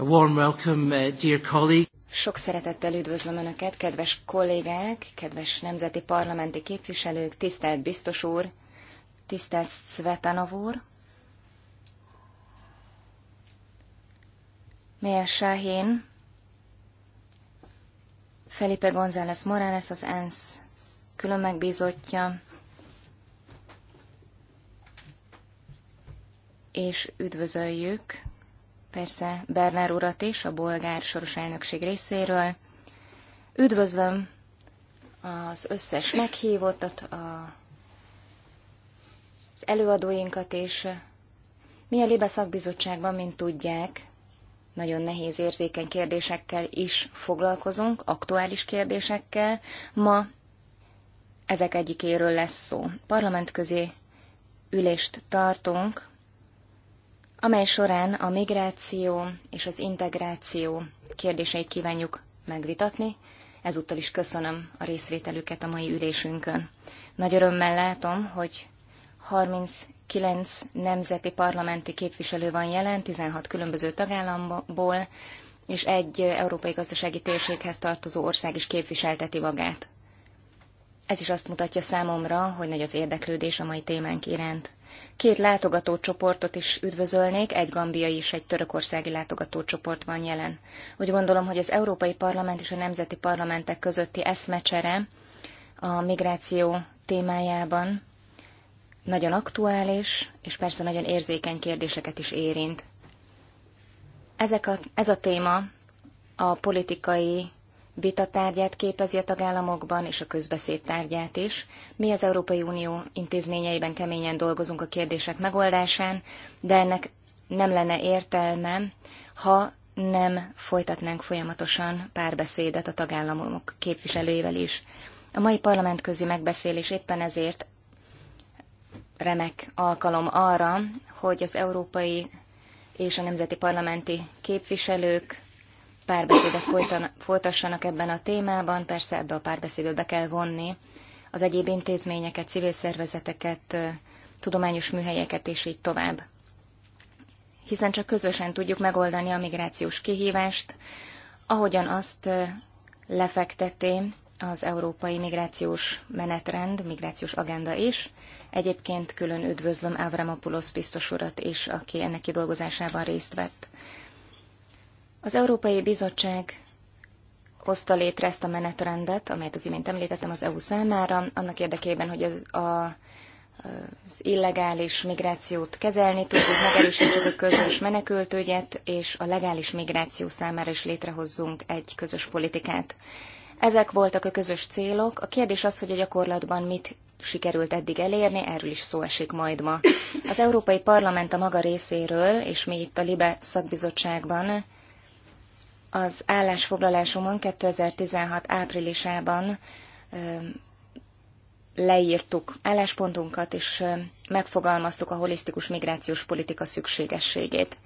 A warm welcome, uh, dear colleague. Sok szeretettel üdvözlöm Önöket, kedves kollégák, kedves nemzeti parlamenti képviselők, tisztelt biztos úr, tisztelt Svetanov úr, Meyer Sáhén, Felipe González Morales, az ENSZ külön megbízottja, és üdvözöljük persze Bernár urat is, a bolgár soros elnökség részéről. Üdvözlöm az összes meghívottat, a, az előadóinkat, és mi a Libe szakbizottságban, mint tudják, nagyon nehéz érzékeny kérdésekkel is foglalkozunk, aktuális kérdésekkel. Ma ezek egyikéről lesz szó. Parlamentközi ülést tartunk amely során a migráció és az integráció kérdéseit kívánjuk megvitatni. Ezúttal is köszönöm a részvételüket a mai ülésünkön. Nagy örömmel látom, hogy 39 nemzeti parlamenti képviselő van jelen, 16 különböző tagállamból, és egy európai gazdasági térséghez tartozó ország is képviselteti magát. Ez is azt mutatja számomra, hogy nagy az érdeklődés a mai témánk iránt. Két látogatócsoportot is üdvözölnék, egy gambiai és egy törökországi látogatócsoport van jelen. Úgy gondolom, hogy az Európai Parlament és a nemzeti parlamentek közötti eszmecsere a migráció témájában nagyon aktuális, és persze nagyon érzékeny kérdéseket is érint. Ezek a, ez a téma a politikai vitatárgyát képezi a tagállamokban, és a közbeszéd tárgyát is. Mi az Európai Unió intézményeiben keményen dolgozunk a kérdések megoldásán, de ennek nem lenne értelme, ha nem folytatnánk folyamatosan párbeszédet a tagállamok képviselőivel is. A mai parlamentközi megbeszélés éppen ezért remek alkalom arra, hogy az európai és a nemzeti parlamenti képviselők párbeszédet folytan, folytassanak ebben a témában. Persze ebbe a párbeszédbe be kell vonni az egyéb intézményeket, civil szervezeteket, tudományos műhelyeket és így tovább. Hiszen csak közösen tudjuk megoldani a migrációs kihívást, ahogyan azt lefekteté az Európai Migrációs Menetrend, Migrációs Agenda is. Egyébként külön üdvözlöm Avramopoulos biztos urat is, aki ennek kidolgozásában részt vett. Az Európai Bizottság hozta létre ezt a menetrendet, amelyet az imént említettem az EU számára, annak érdekében, hogy az, a, az illegális migrációt kezelni tudjuk, megerősítsük a közös menekültügyet, és a legális migráció számára is létrehozzunk egy közös politikát. Ezek voltak a közös célok. A kérdés az, hogy a gyakorlatban mit sikerült eddig elérni, erről is szó esik majd ma. Az Európai Parlament a maga részéről, és mi itt a Libe szakbizottságban az állásfoglalásomon 2016 áprilisában leírtuk álláspontunkat, és megfogalmaztuk a holisztikus migrációs politika szükségességét.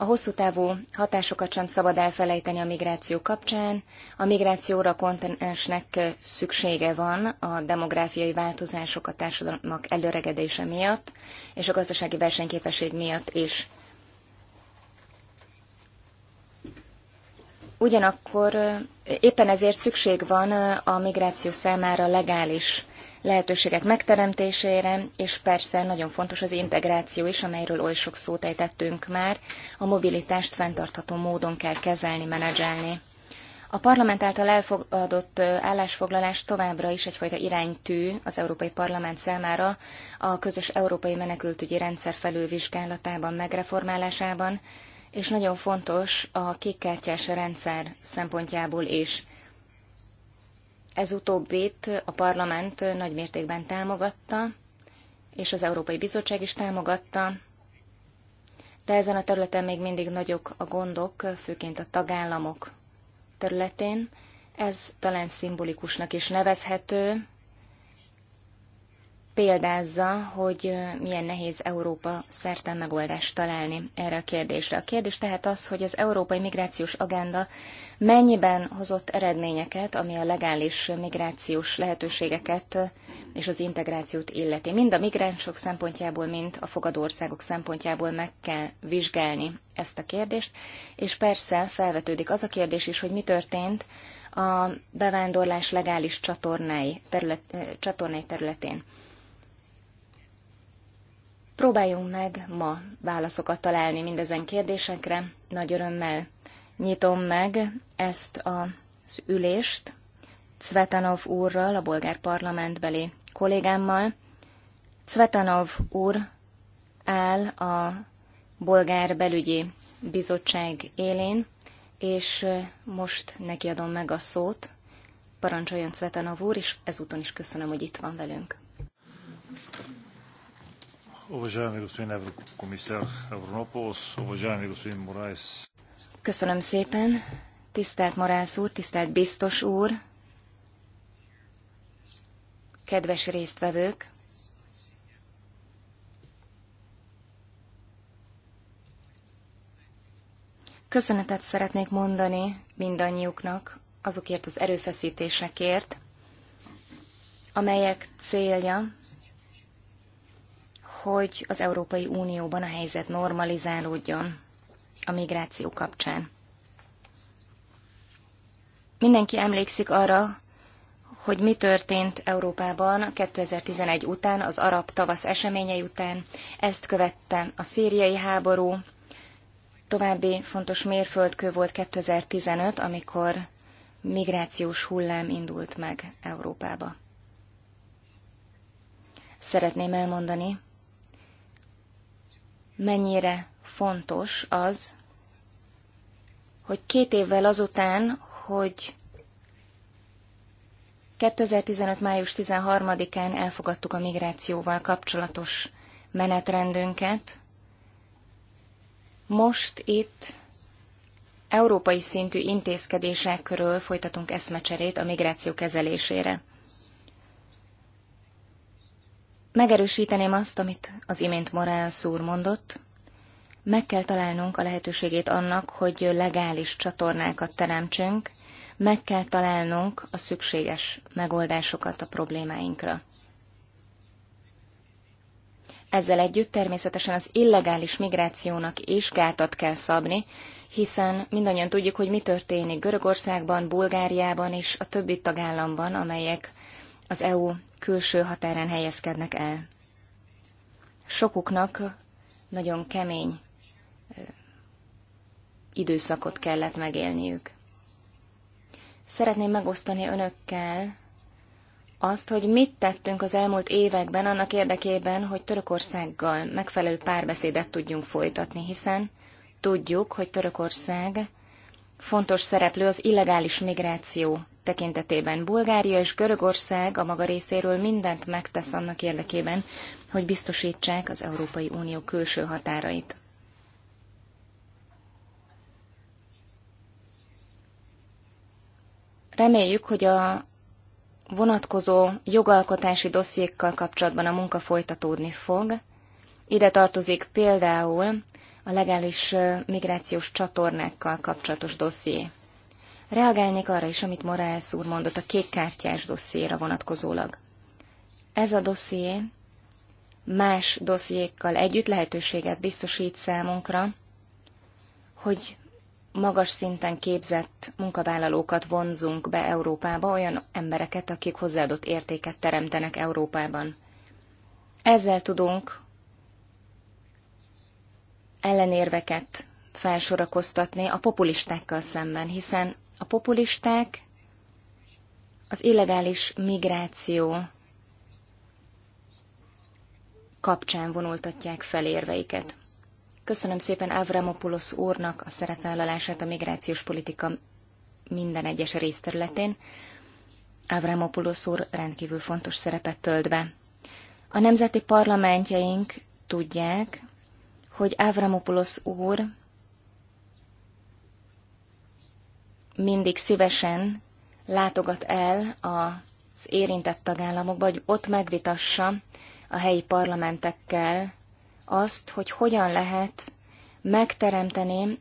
A hosszú távú hatásokat sem szabad elfelejteni a migráció kapcsán. A migrációra kontinensnek szüksége van a demográfiai változások a társadalmak előregedése miatt, és a gazdasági versenyképesség miatt is. Ugyanakkor éppen ezért szükség van a migráció számára legális lehetőségek megteremtésére, és persze nagyon fontos az integráció is, amelyről oly sok szót ejtettünk már, a mobilitást fenntartható módon kell kezelni, menedzselni. A parlament által elfogadott állásfoglalás továbbra is egyfajta iránytű az Európai Parlament számára a közös európai menekültügyi rendszer felülvizsgálatában, megreformálásában, és nagyon fontos a kékkártyás rendszer szempontjából is. Ez utóbbit a parlament nagymértékben támogatta, és az Európai Bizottság is támogatta, de ezen a területen még mindig nagyok a gondok, főként a tagállamok területén. Ez talán szimbolikusnak is nevezhető, példázza, hogy milyen nehéz Európa szerte megoldást találni erre a kérdésre. A kérdés tehát az, hogy az európai migrációs agenda mennyiben hozott eredményeket, ami a legális migrációs lehetőségeket és az integrációt illeti. Mind a migránsok szempontjából, mind a fogadó országok szempontjából meg kell vizsgálni ezt a kérdést, és persze felvetődik az a kérdés is, hogy mi történt a bevándorlás legális csatornái, terület, csatornái területén. Próbáljunk meg ma válaszokat találni mindezen kérdésekre. Nagy örömmel nyitom meg ezt az ülést Cvetanov úrral, a bolgár parlamentbeli kollégámmal. Cvetanov úr áll a bolgár belügyi bizottság élén, és most neki adom meg a szót. Parancsoljon Cvetanov úr, és ezúton is köszönöm, hogy itt van velünk. Уважаеми господин Еврокомисар Авронополос, уважаеми господин Köszönöm szépen. Tisztelt Morász úr, tisztelt biztos úr, kedves résztvevők, Köszönetet szeretnék mondani mindannyiuknak azokért az erőfeszítésekért, amelyek célja hogy az Európai Unióban a helyzet normalizálódjon a migráció kapcsán. Mindenki emlékszik arra, hogy mi történt Európában 2011 után, az arab tavasz eseményei után. Ezt követte a szíriai háború. További fontos mérföldkő volt 2015, amikor migrációs hullám indult meg Európába. Szeretném elmondani, mennyire fontos az, hogy két évvel azután, hogy 2015. május 13-án elfogadtuk a migrációval kapcsolatos menetrendünket, most itt európai szintű intézkedésekről folytatunk eszmecserét a migráció kezelésére. Megerősíteném azt, amit az imént Morales szúr mondott. Meg kell találnunk a lehetőségét annak, hogy legális csatornákat teremtsünk, meg kell találnunk a szükséges megoldásokat a problémáinkra. Ezzel együtt természetesen az illegális migrációnak is gátat kell szabni, hiszen mindannyian tudjuk, hogy mi történik Görögországban, Bulgáriában és a többi tagállamban, amelyek az EU külső határán helyezkednek el. Sokuknak nagyon kemény időszakot kellett megélniük. Szeretném megosztani önökkel azt, hogy mit tettünk az elmúlt években annak érdekében, hogy Törökországgal megfelelő párbeszédet tudjunk folytatni, hiszen tudjuk, hogy Törökország fontos szereplő az illegális migráció tekintetében. Bulgária és Görögország a maga részéről mindent megtesz annak érdekében, hogy biztosítsák az Európai Unió külső határait. Reméljük, hogy a vonatkozó jogalkotási dossziékkal kapcsolatban a munka folytatódni fog. Ide tartozik például a legális migrációs csatornákkal kapcsolatos dosszié. Reagálnék arra is, amit Morales úr mondott a kékkártyás dossziéra vonatkozólag. Ez a dosszié más dossziékkal együtt lehetőséget biztosít számunkra, hogy magas szinten képzett munkavállalókat vonzunk be Európába, olyan embereket, akik hozzáadott értéket teremtenek Európában. Ezzel tudunk ellenérveket felsorakoztatni a populistákkal szemben, hiszen a populisták az illegális migráció kapcsán vonultatják fel érveiket. Köszönöm szépen Avramopoulos úrnak a szerepvállalását a migrációs politika minden egyes részterületén. Avramopoulos úr rendkívül fontos szerepet tölt be. A nemzeti parlamentjeink tudják, hogy Avramopoulos úr mindig szívesen látogat el az érintett tagállamokba, hogy ott megvitassa a helyi parlamentekkel azt, hogy hogyan lehet megteremteni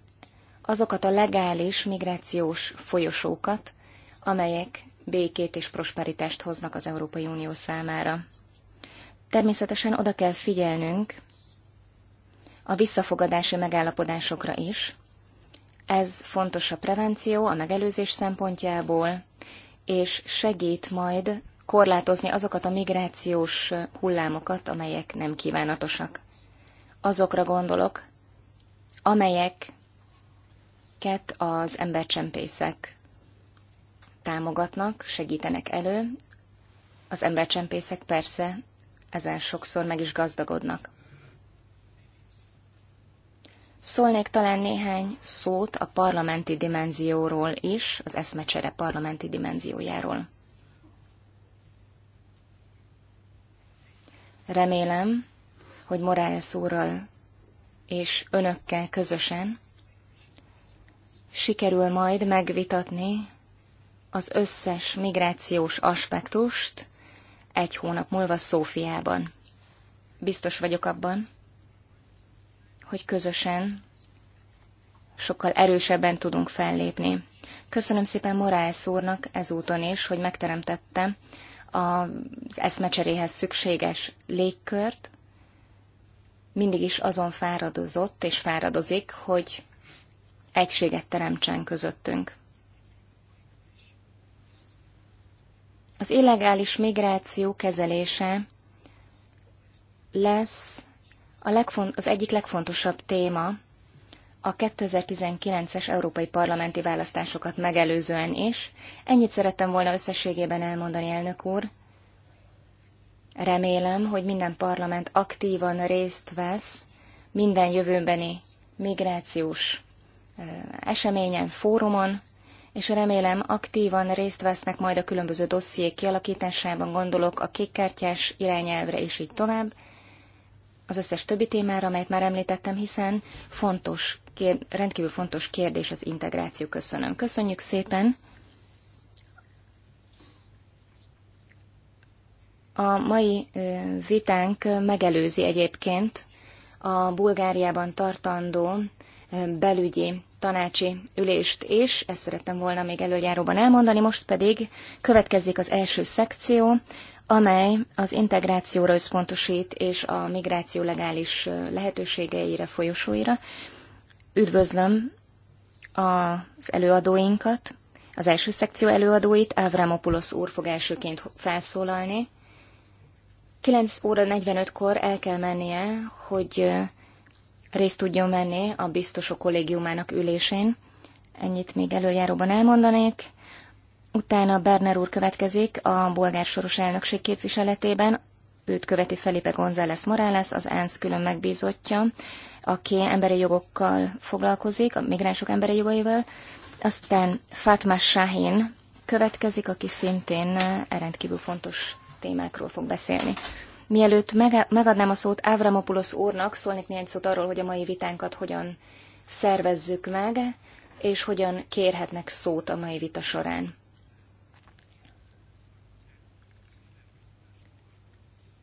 azokat a legális migrációs folyosókat, amelyek békét és prosperitást hoznak az Európai Unió számára. Természetesen oda kell figyelnünk a visszafogadási megállapodásokra is, ez fontos a prevenció, a megelőzés szempontjából, és segít majd korlátozni azokat a migrációs hullámokat, amelyek nem kívánatosak. Azokra gondolok, amelyeket az embercsempészek támogatnak, segítenek elő. Az embercsempészek persze ezen sokszor meg is gazdagodnak. Szólnék talán néhány szót a parlamenti dimenzióról is, az eszmecsere parlamenti dimenziójáról. Remélem, hogy Morales úrral és önökkel közösen sikerül majd megvitatni az összes migrációs aspektust egy hónap múlva Szófiában. Biztos vagyok abban, hogy közösen sokkal erősebben tudunk fellépni. Köszönöm szépen Morales úrnak ezúton is, hogy megteremtette az eszmecseréhez szükséges légkört. Mindig is azon fáradozott és fáradozik, hogy egységet teremtsen közöttünk. Az illegális migráció kezelése lesz a legfont- az egyik legfontosabb téma a 2019-es európai parlamenti választásokat megelőzően is. Ennyit szerettem volna összességében elmondani, elnök úr. Remélem, hogy minden parlament aktívan részt vesz minden jövőbeni migrációs eseményen, fórumon, és remélem aktívan részt vesznek majd a különböző dossziék kialakításában, gondolok a kékkártyás irányelvre és így tovább az összes többi témára, amelyet már említettem, hiszen fontos, kér, rendkívül fontos kérdés az integráció. Köszönöm. Köszönjük szépen! A mai vitánk megelőzi egyébként a Bulgáriában tartandó belügyi tanácsi ülést és ezt szerettem volna még előjáróban elmondani, most pedig következik az első szekció, amely az integrációra összpontosít és a migráció legális lehetőségeire, folyosóira. Üdvözlöm az előadóinkat, az első szekció előadóit, Avramopoulos úr fog elsőként felszólalni. 9 óra 45-kor el kell mennie, hogy részt tudjon venni a biztosok kollégiumának ülésén. Ennyit még előjáróban elmondanék. Utána Berner úr következik a bolgár soros elnökség képviseletében, őt követi Felipe González Morales, az ENSZ külön megbízottja, aki emberi jogokkal foglalkozik, a migránsok emberi jogaival. Aztán Fatma Shahin következik, aki szintén eh, rendkívül fontos témákról fog beszélni. Mielőtt megadnám a szót Avramopoulos úrnak, szólnék néhány szót arról, hogy a mai vitánkat hogyan szervezzük meg, és hogyan kérhetnek szót a mai vita során.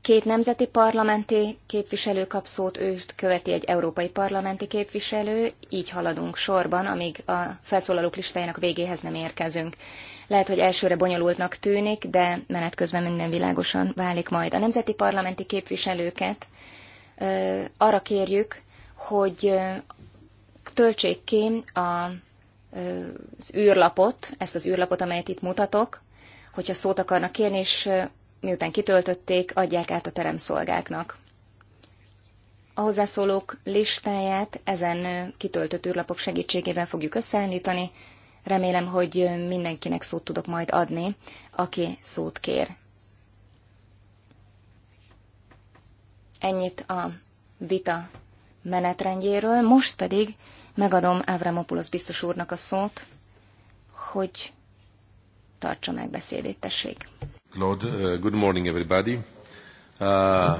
Két nemzeti parlamenti képviselő kap szót, őt követi egy európai parlamenti képviselő, így haladunk sorban, amíg a felszólalók listájának végéhez nem érkezünk. Lehet, hogy elsőre bonyolultnak tűnik, de menet közben minden világosan válik majd. A nemzeti parlamenti képviselőket ö, arra kérjük, hogy ö, töltsék ki a, ö, az űrlapot, ezt az űrlapot, amelyet itt mutatok, hogyha szót akarnak kérni, és miután kitöltötték, adják át a teremszolgáknak. A hozzászólók listáját ezen kitöltött űrlapok segítségével fogjuk összeállítani. Remélem, hogy mindenkinek szót tudok majd adni, aki szót kér. Ennyit a vita menetrendjéről. Most pedig megadom Avramopoulos biztos úrnak a szót, hogy tartsa meg beszédét, tessék. Claude, uh, good morning everybody. Uh...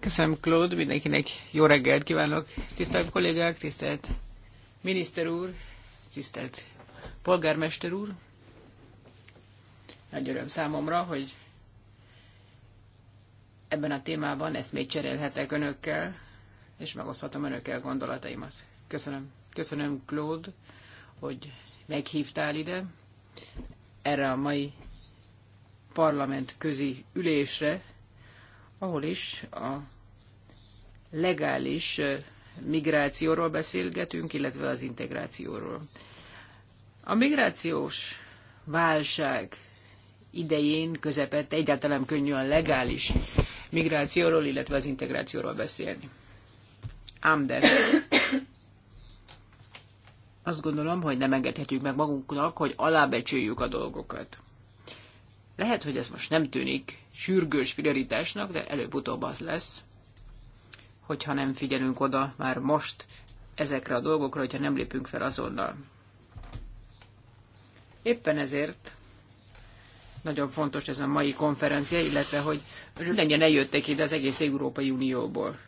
Köszönöm, Claude, mindenkinek jó reggelt kívánok. Tisztelt kollégák, tisztelt miniszter úr, tisztelt polgármester úr. Nagy öröm számomra, hogy ebben a témában ezt még cserélhetek önökkel, és megoszthatom önökkel gondolataimat. Köszönöm. Köszönöm, Claude, hogy meghívtál ide erre a mai parlament közi ülésre, ahol is a legális migrációról beszélgetünk, illetve az integrációról. A migrációs válság idején, közepette egyáltalán a legális migrációról, illetve az integrációról beszélni. Ám de azt gondolom, hogy nem engedhetjük meg magunknak, hogy alábecsüljük a dolgokat. Lehet, hogy ez most nem tűnik sürgős prioritásnak, de előbb-utóbb az lesz, hogyha nem figyelünk oda már most ezekre a dolgokra, hogyha nem lépünk fel azonnal. Éppen ezért nagyon fontos ez a mai konferencia, illetve hogy lengyel eljöttek ide az egész Európai Unióból.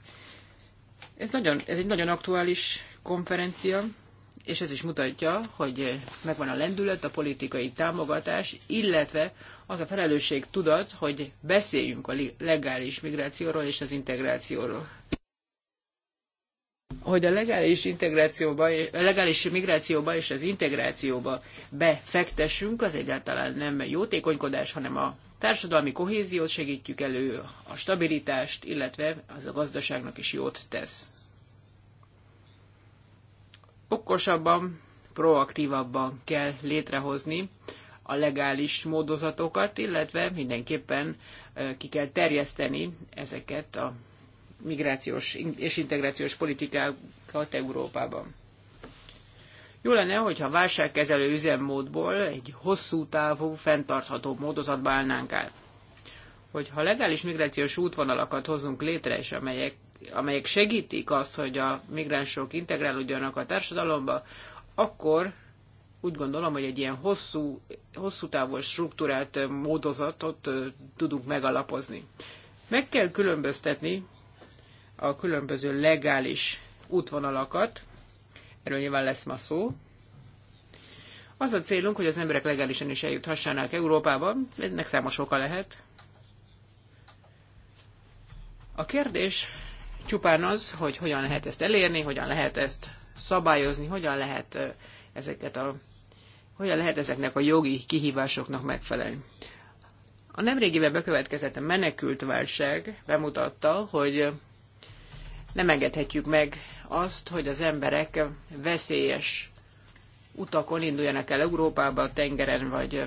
Ez, nagyon, ez egy nagyon aktuális konferencia, és ez is mutatja, hogy megvan a lendület, a politikai támogatás, illetve az a felelősség tudat, hogy beszéljünk a legális migrációról és az integrációról. Hogy a legális, integrációba, a legális migrációba és az integrációba befektessünk, az egyáltalán nem jótékonykodás, hanem a társadalmi kohéziót segítjük elő, a stabilitást, illetve az a gazdaságnak is jót tesz okosabban, proaktívabban kell létrehozni a legális módozatokat, illetve mindenképpen ki kell terjeszteni ezeket a migrációs és integrációs politikákat Európában. Jó lenne, hogyha válságkezelő üzemmódból egy hosszú távú, fenntartható módozatba állnánk át. Hogyha legális migrációs útvonalakat hozunk létre, és amelyek amelyek segítik azt, hogy a migránsok integrálódjanak a társadalomba, akkor úgy gondolom, hogy egy ilyen hosszú, hosszú távú struktúrált módozatot tudunk megalapozni. Meg kell különböztetni a különböző legális útvonalakat, erről nyilván lesz ma szó. Az a célunk, hogy az emberek legálisan is eljuthassanak Európában, ennek számos oka lehet. A kérdés csupán az, hogy hogyan lehet ezt elérni, hogyan lehet ezt szabályozni, hogyan lehet ezeket a hogyan lehet ezeknek a jogi kihívásoknak megfelelni. A nemrégiben bekövetkezett a menekült válság bemutatta, hogy nem engedhetjük meg azt, hogy az emberek veszélyes utakon induljanak el Európába, tengeren vagy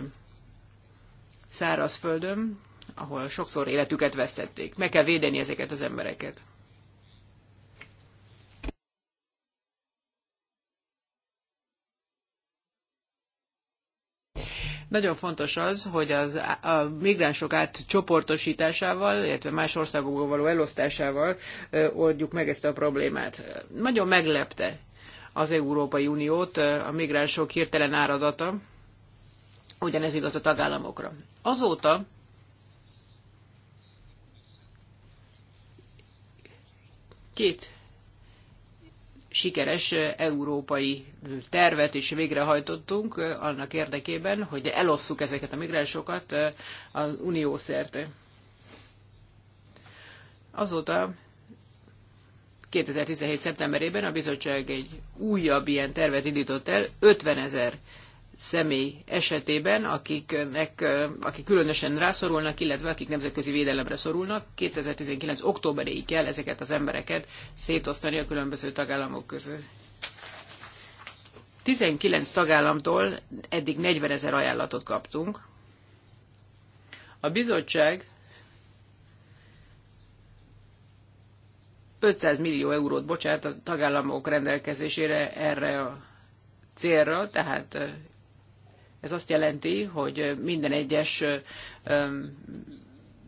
szárazföldön, ahol sokszor életüket vesztették. Meg kell védeni ezeket az embereket. Nagyon fontos az, hogy az, a migránsok átcsoportosításával, illetve más országokból való elosztásával oldjuk meg ezt a problémát. Nagyon meglepte az Európai Uniót a migránsok hirtelen áradata, ugyanez igaz a tagállamokra. Azóta két sikeres európai tervet is végrehajtottunk annak érdekében, hogy elosszuk ezeket a migránsokat az unió szerte. Azóta 2017. szeptemberében a bizottság egy újabb ilyen tervet indított el, 50 ezer személy esetében, akiknek, akik különösen rászorulnak, illetve akik nemzetközi védelemre szorulnak. 2019. októberéig kell ezeket az embereket szétosztani a különböző tagállamok között. 19 tagállamtól eddig 40 ezer ajánlatot kaptunk. A bizottság 500 millió eurót bocsát a tagállamok rendelkezésére erre a célra, tehát ez azt jelenti, hogy minden egyes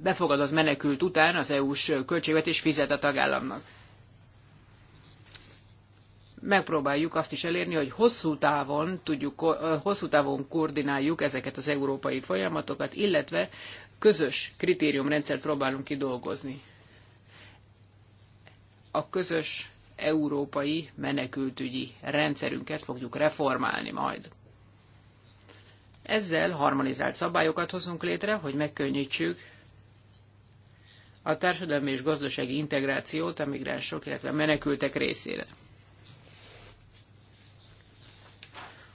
befogadott menekült után az EU-s költségvetés fizet a tagállamnak. Megpróbáljuk azt is elérni, hogy hosszú távon, tudjuk, hosszú távon koordináljuk ezeket az európai folyamatokat, illetve közös kritériumrendszert próbálunk kidolgozni. A közös európai menekültügyi rendszerünket fogjuk reformálni majd. Ezzel harmonizált szabályokat hozunk létre, hogy megkönnyítsük a társadalmi és gazdasági integrációt a migránsok, illetve menekültek részére.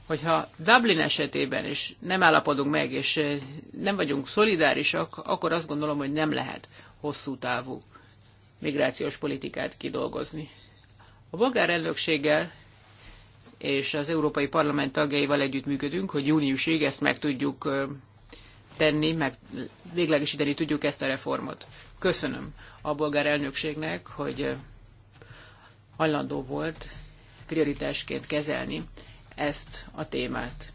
hogyha Dublin esetében is nem állapodunk meg, és eh, nem vagyunk szolidárisak, akkor azt gondolom, hogy nem lehet hosszú távú migrációs politikát kidolgozni. A bolgár elnökséggel és az Európai Parlament tagjaival együttműködünk, hogy júniusig ezt meg tudjuk tenni, meg véglegesíteni tudjuk ezt a reformot. Köszönöm a bolgár elnökségnek, hogy hajlandó volt prioritásként kezelni ezt a témát.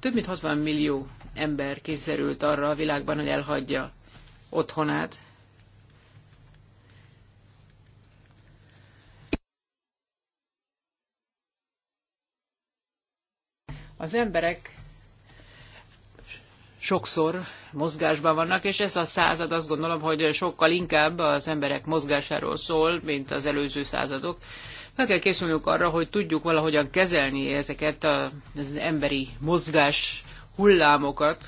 Több mint 60 millió ember kényszerült arra a világban, hogy elhagyja otthonát, Az emberek sokszor mozgásban vannak, és ez a század azt gondolom, hogy sokkal inkább az emberek mozgásáról szól, mint az előző századok. Meg kell készülnünk arra, hogy tudjuk valahogyan kezelni ezeket az emberi mozgás hullámokat.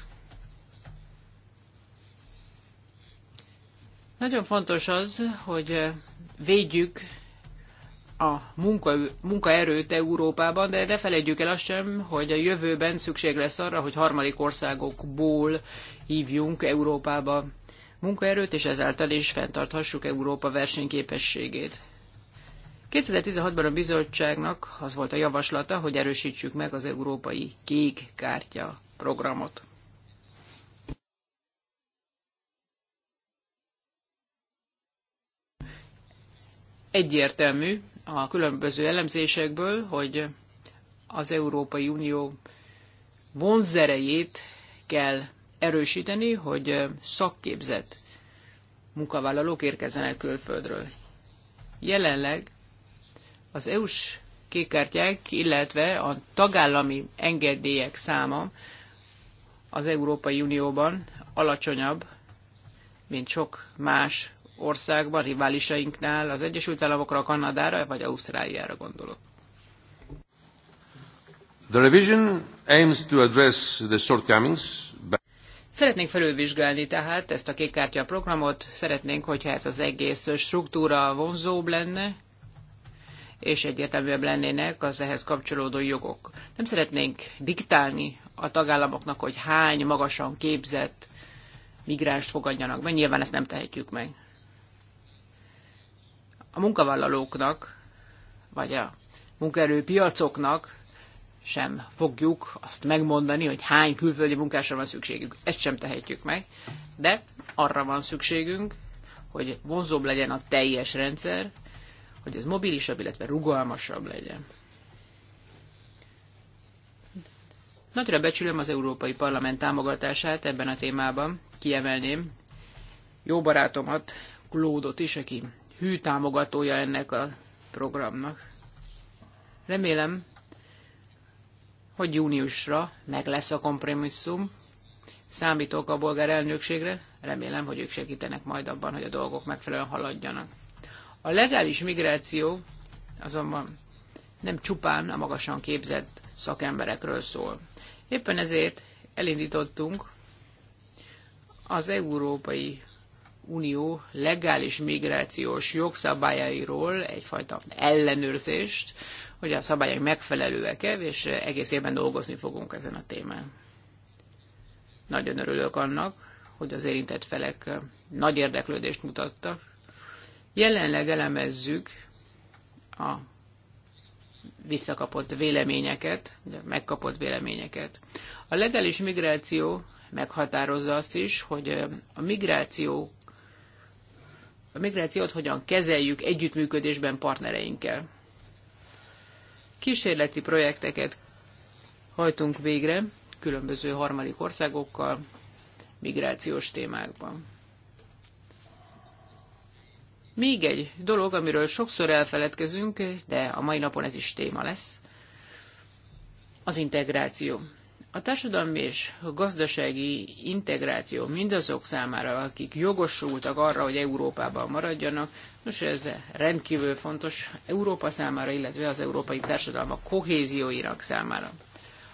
Nagyon fontos az, hogy védjük a munka, munkaerőt Európában, de ne felejtjük el azt sem, hogy a jövőben szükség lesz arra, hogy harmadik országokból hívjunk Európába munkaerőt, és ezáltal is fenntarthassuk Európa versenyképességét. 2016-ban a bizottságnak az volt a javaslata, hogy erősítsük meg az európai kék kártya programot. Egyértelmű, a különböző elemzésekből, hogy az Európai Unió vonzerejét kell erősíteni, hogy szakképzett munkavállalók érkezzenek külföldről. Jelenleg az EU-s kékkártyák, illetve a tagállami engedélyek száma az Európai Unióban alacsonyabb, mint sok más országban, riválisainknál, az Egyesült Államokra, Kanadára vagy Ausztráliára gondolok. The revision aims to address the shortcomings Szeretnénk felülvizsgálni tehát ezt a kártya programot, szeretnénk, hogyha ez az egész struktúra vonzóbb lenne, és egyértelműbb lennének az ehhez kapcsolódó jogok. Nem szeretnénk diktálni a tagállamoknak, hogy hány magasan képzett migránst fogadjanak be, nyilván ezt nem tehetjük meg a munkavállalóknak, vagy a munkaerőpiacoknak sem fogjuk azt megmondani, hogy hány külföldi munkásra van szükségük. Ezt sem tehetjük meg, de arra van szükségünk, hogy vonzóbb legyen a teljes rendszer, hogy ez mobilisabb, illetve rugalmasabb legyen. Nagyra becsülöm az Európai Parlament támogatását ebben a témában, kiemelném jó barátomat, Klódot is, aki hű támogatója ennek a programnak. Remélem, hogy júniusra meg lesz a kompromisszum. Számítok a bolgár elnökségre, remélem, hogy ők segítenek majd abban, hogy a dolgok megfelelően haladjanak. A legális migráció azonban nem csupán a magasan képzett szakemberekről szól. Éppen ezért elindítottunk az Európai Unió legális migrációs jogszabályairól egyfajta ellenőrzést, hogy a szabályok megfelelőek-e, és egész évben dolgozni fogunk ezen a témán. Nagyon örülök annak, hogy az érintett felek nagy érdeklődést mutattak. Jelenleg elemezzük a visszakapott véleményeket, megkapott véleményeket. A legális migráció meghatározza azt is, hogy a migráció a migrációt hogyan kezeljük együttműködésben partnereinkkel. Kísérleti projekteket hajtunk végre különböző harmadik országokkal migrációs témákban. Még egy dolog, amiről sokszor elfeledkezünk, de a mai napon ez is téma lesz, az integráció. A társadalmi és gazdasági integráció mindazok számára, akik jogosultak arra, hogy Európában maradjanak, nos ez rendkívül fontos Európa számára, illetve az európai társadalmak kohézióinak számára.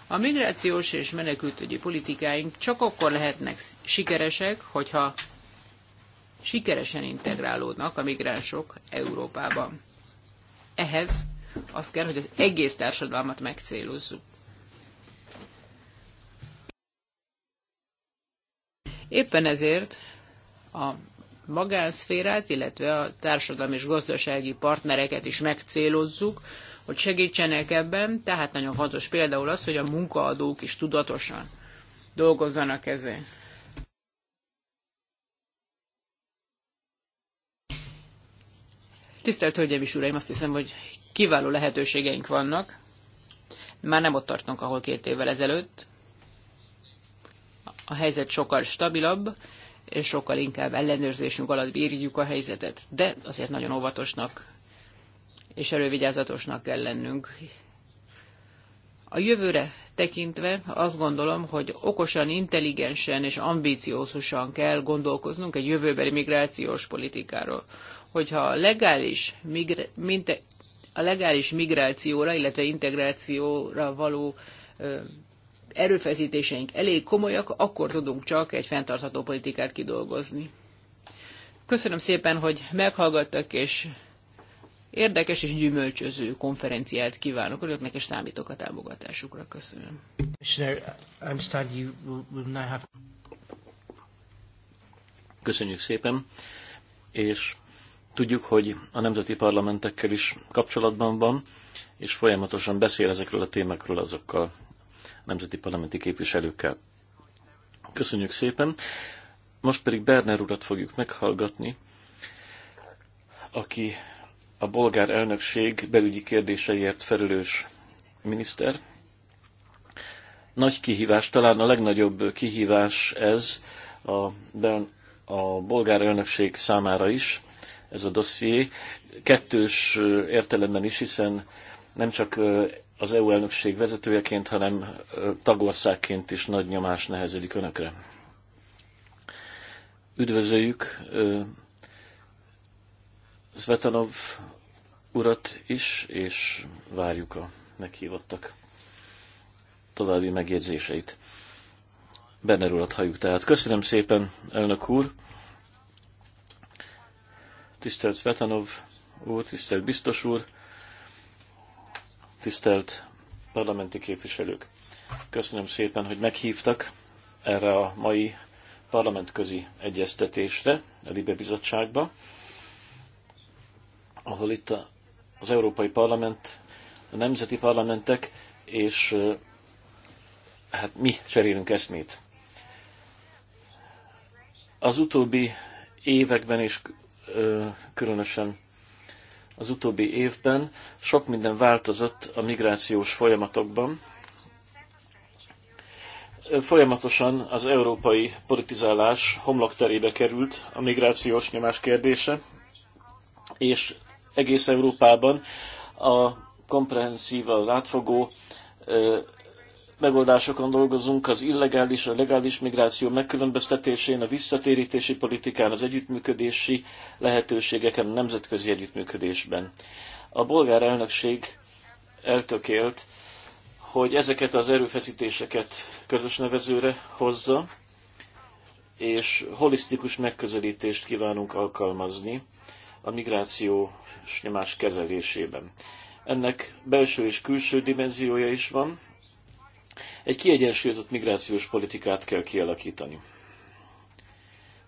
A migrációs és menekültügyi politikáink csak akkor lehetnek sikeresek, hogyha sikeresen integrálódnak a migránsok Európában. Ehhez az kell, hogy az egész társadalmat megcélozzuk. Éppen ezért a magánszférát, illetve a társadalmi és gazdasági partnereket is megcélozzuk, hogy segítsenek ebben, tehát nagyon fontos például az, hogy a munkaadók is tudatosan dolgozzanak ezen. Tisztelt Hölgyeim és Uraim, azt hiszem, hogy kiváló lehetőségeink vannak. Már nem ott tartunk, ahol két évvel ezelőtt a helyzet sokkal stabilabb, és sokkal inkább ellenőrzésünk alatt bírjuk a helyzetet. De azért nagyon óvatosnak és elővigyázatosnak kell lennünk. A jövőre tekintve azt gondolom, hogy okosan, intelligensen és ambíciózusan kell gondolkoznunk egy jövőbeli migrációs politikáról. Hogyha a legális, migr- minte- a legális migrációra, illetve integrációra való ö, erőfeszítéseink elég komolyak, akkor tudunk csak egy fenntartható politikát kidolgozni. Köszönöm szépen, hogy meghallgattak, és érdekes és gyümölcsöző konferenciát kívánok önöknek, és számítok a támogatásukra. Köszönöm. Köszönjük szépen, és tudjuk, hogy a nemzeti parlamentekkel is kapcsolatban van, és folyamatosan beszél ezekről a témákról azokkal nemzeti parlamenti képviselőkkel. Köszönjük szépen! Most pedig Berner urat fogjuk meghallgatni, aki a bolgár elnökség belügyi kérdéseiért felelős miniszter. Nagy kihívás, talán a legnagyobb kihívás ez a, a bolgár elnökség számára is, ez a dosszié. Kettős értelemben is, hiszen nem csak az EU elnökség vezetőjeként, hanem tagországként is nagy nyomás nehezedik önökre. Üdvözöljük Svetanov urat is, és várjuk a meghívottak további megjegyzéseit. Benner urat halljuk tehát. Köszönöm szépen, elnök úr! Tisztelt Svetanov úr, tisztelt biztos úr! tisztelt parlamenti képviselők! Köszönöm szépen, hogy meghívtak erre a mai parlamentközi egyeztetésre, a Libe Bizottságba, ahol itt a, az Európai Parlament, a nemzeti parlamentek és hát mi cserélünk eszmét. Az utóbbi években is különösen az utóbbi évben. Sok minden változott a migrációs folyamatokban. Folyamatosan az európai politizálás homlokterébe került a migrációs nyomás kérdése, és egész Európában a komprehenszív, az átfogó megoldásokon dolgozunk az illegális, a legális migráció megkülönböztetésén, a visszatérítési politikán, az együttműködési lehetőségeken, a nemzetközi együttműködésben. A bolgár elnökség eltökélt, hogy ezeket az erőfeszítéseket közös nevezőre hozza, és holisztikus megközelítést kívánunk alkalmazni a migrációs nyomás kezelésében. Ennek belső és külső dimenziója is van, egy kiegyensúlyozott migrációs politikát kell kialakítani.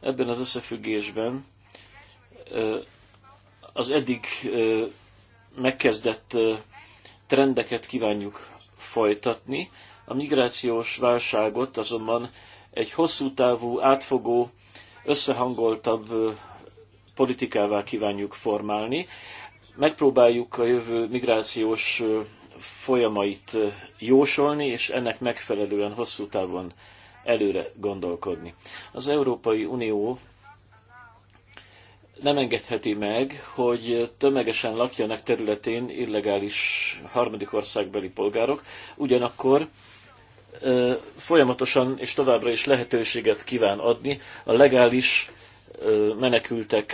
Ebben az összefüggésben az eddig megkezdett trendeket kívánjuk folytatni. A migrációs válságot azonban egy hosszú távú, átfogó, összehangoltabb politikává kívánjuk formálni. Megpróbáljuk a jövő migrációs folyamait jósolni, és ennek megfelelően hosszú távon előre gondolkodni. Az Európai Unió nem engedheti meg, hogy tömegesen lakjanak területén illegális harmadik országbeli polgárok, ugyanakkor folyamatosan és továbbra is lehetőséget kíván adni a legális menekültek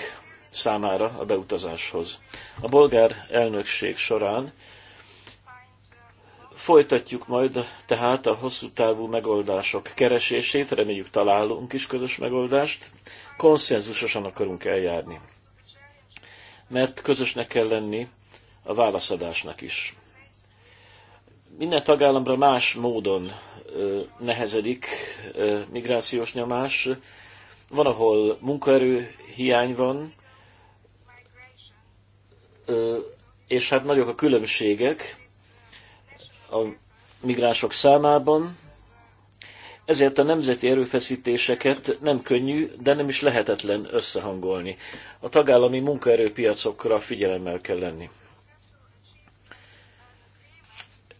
számára a beutazáshoz. A bolgár elnökség során Folytatjuk majd tehát a hosszú távú megoldások keresését, reméljük találunk is közös megoldást, konszenzusosan akarunk eljárni. Mert közösnek kell lenni a válaszadásnak is. Minden tagállamra más módon nehezedik migrációs nyomás. Van, ahol munkaerő hiány van, és hát nagyok a különbségek, a migránsok számában, ezért a nemzeti erőfeszítéseket nem könnyű, de nem is lehetetlen összehangolni. A tagállami munkaerőpiacokra figyelemmel kell lenni.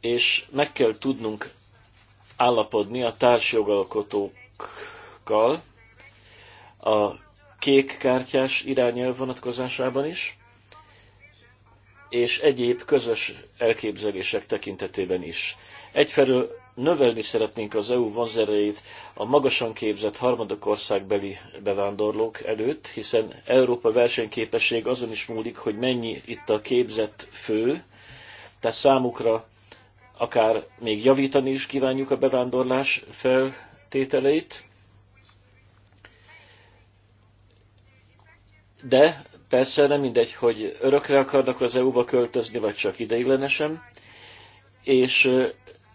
És meg kell tudnunk állapodni a társjogalkotókkal a kék kártyás irányelv vonatkozásában is, és egyéb közös elképzelések tekintetében is. Egyfelől növelni szeretnénk az EU vonzerejét a magasan képzett harmadik országbeli bevándorlók előtt, hiszen Európa versenyképesség azon is múlik, hogy mennyi itt a képzett fő, tehát számukra akár még javítani is kívánjuk a bevándorlás feltételeit, de Persze nem mindegy, hogy örökre akarnak az EU-ba költözni, vagy csak ideiglenesen, és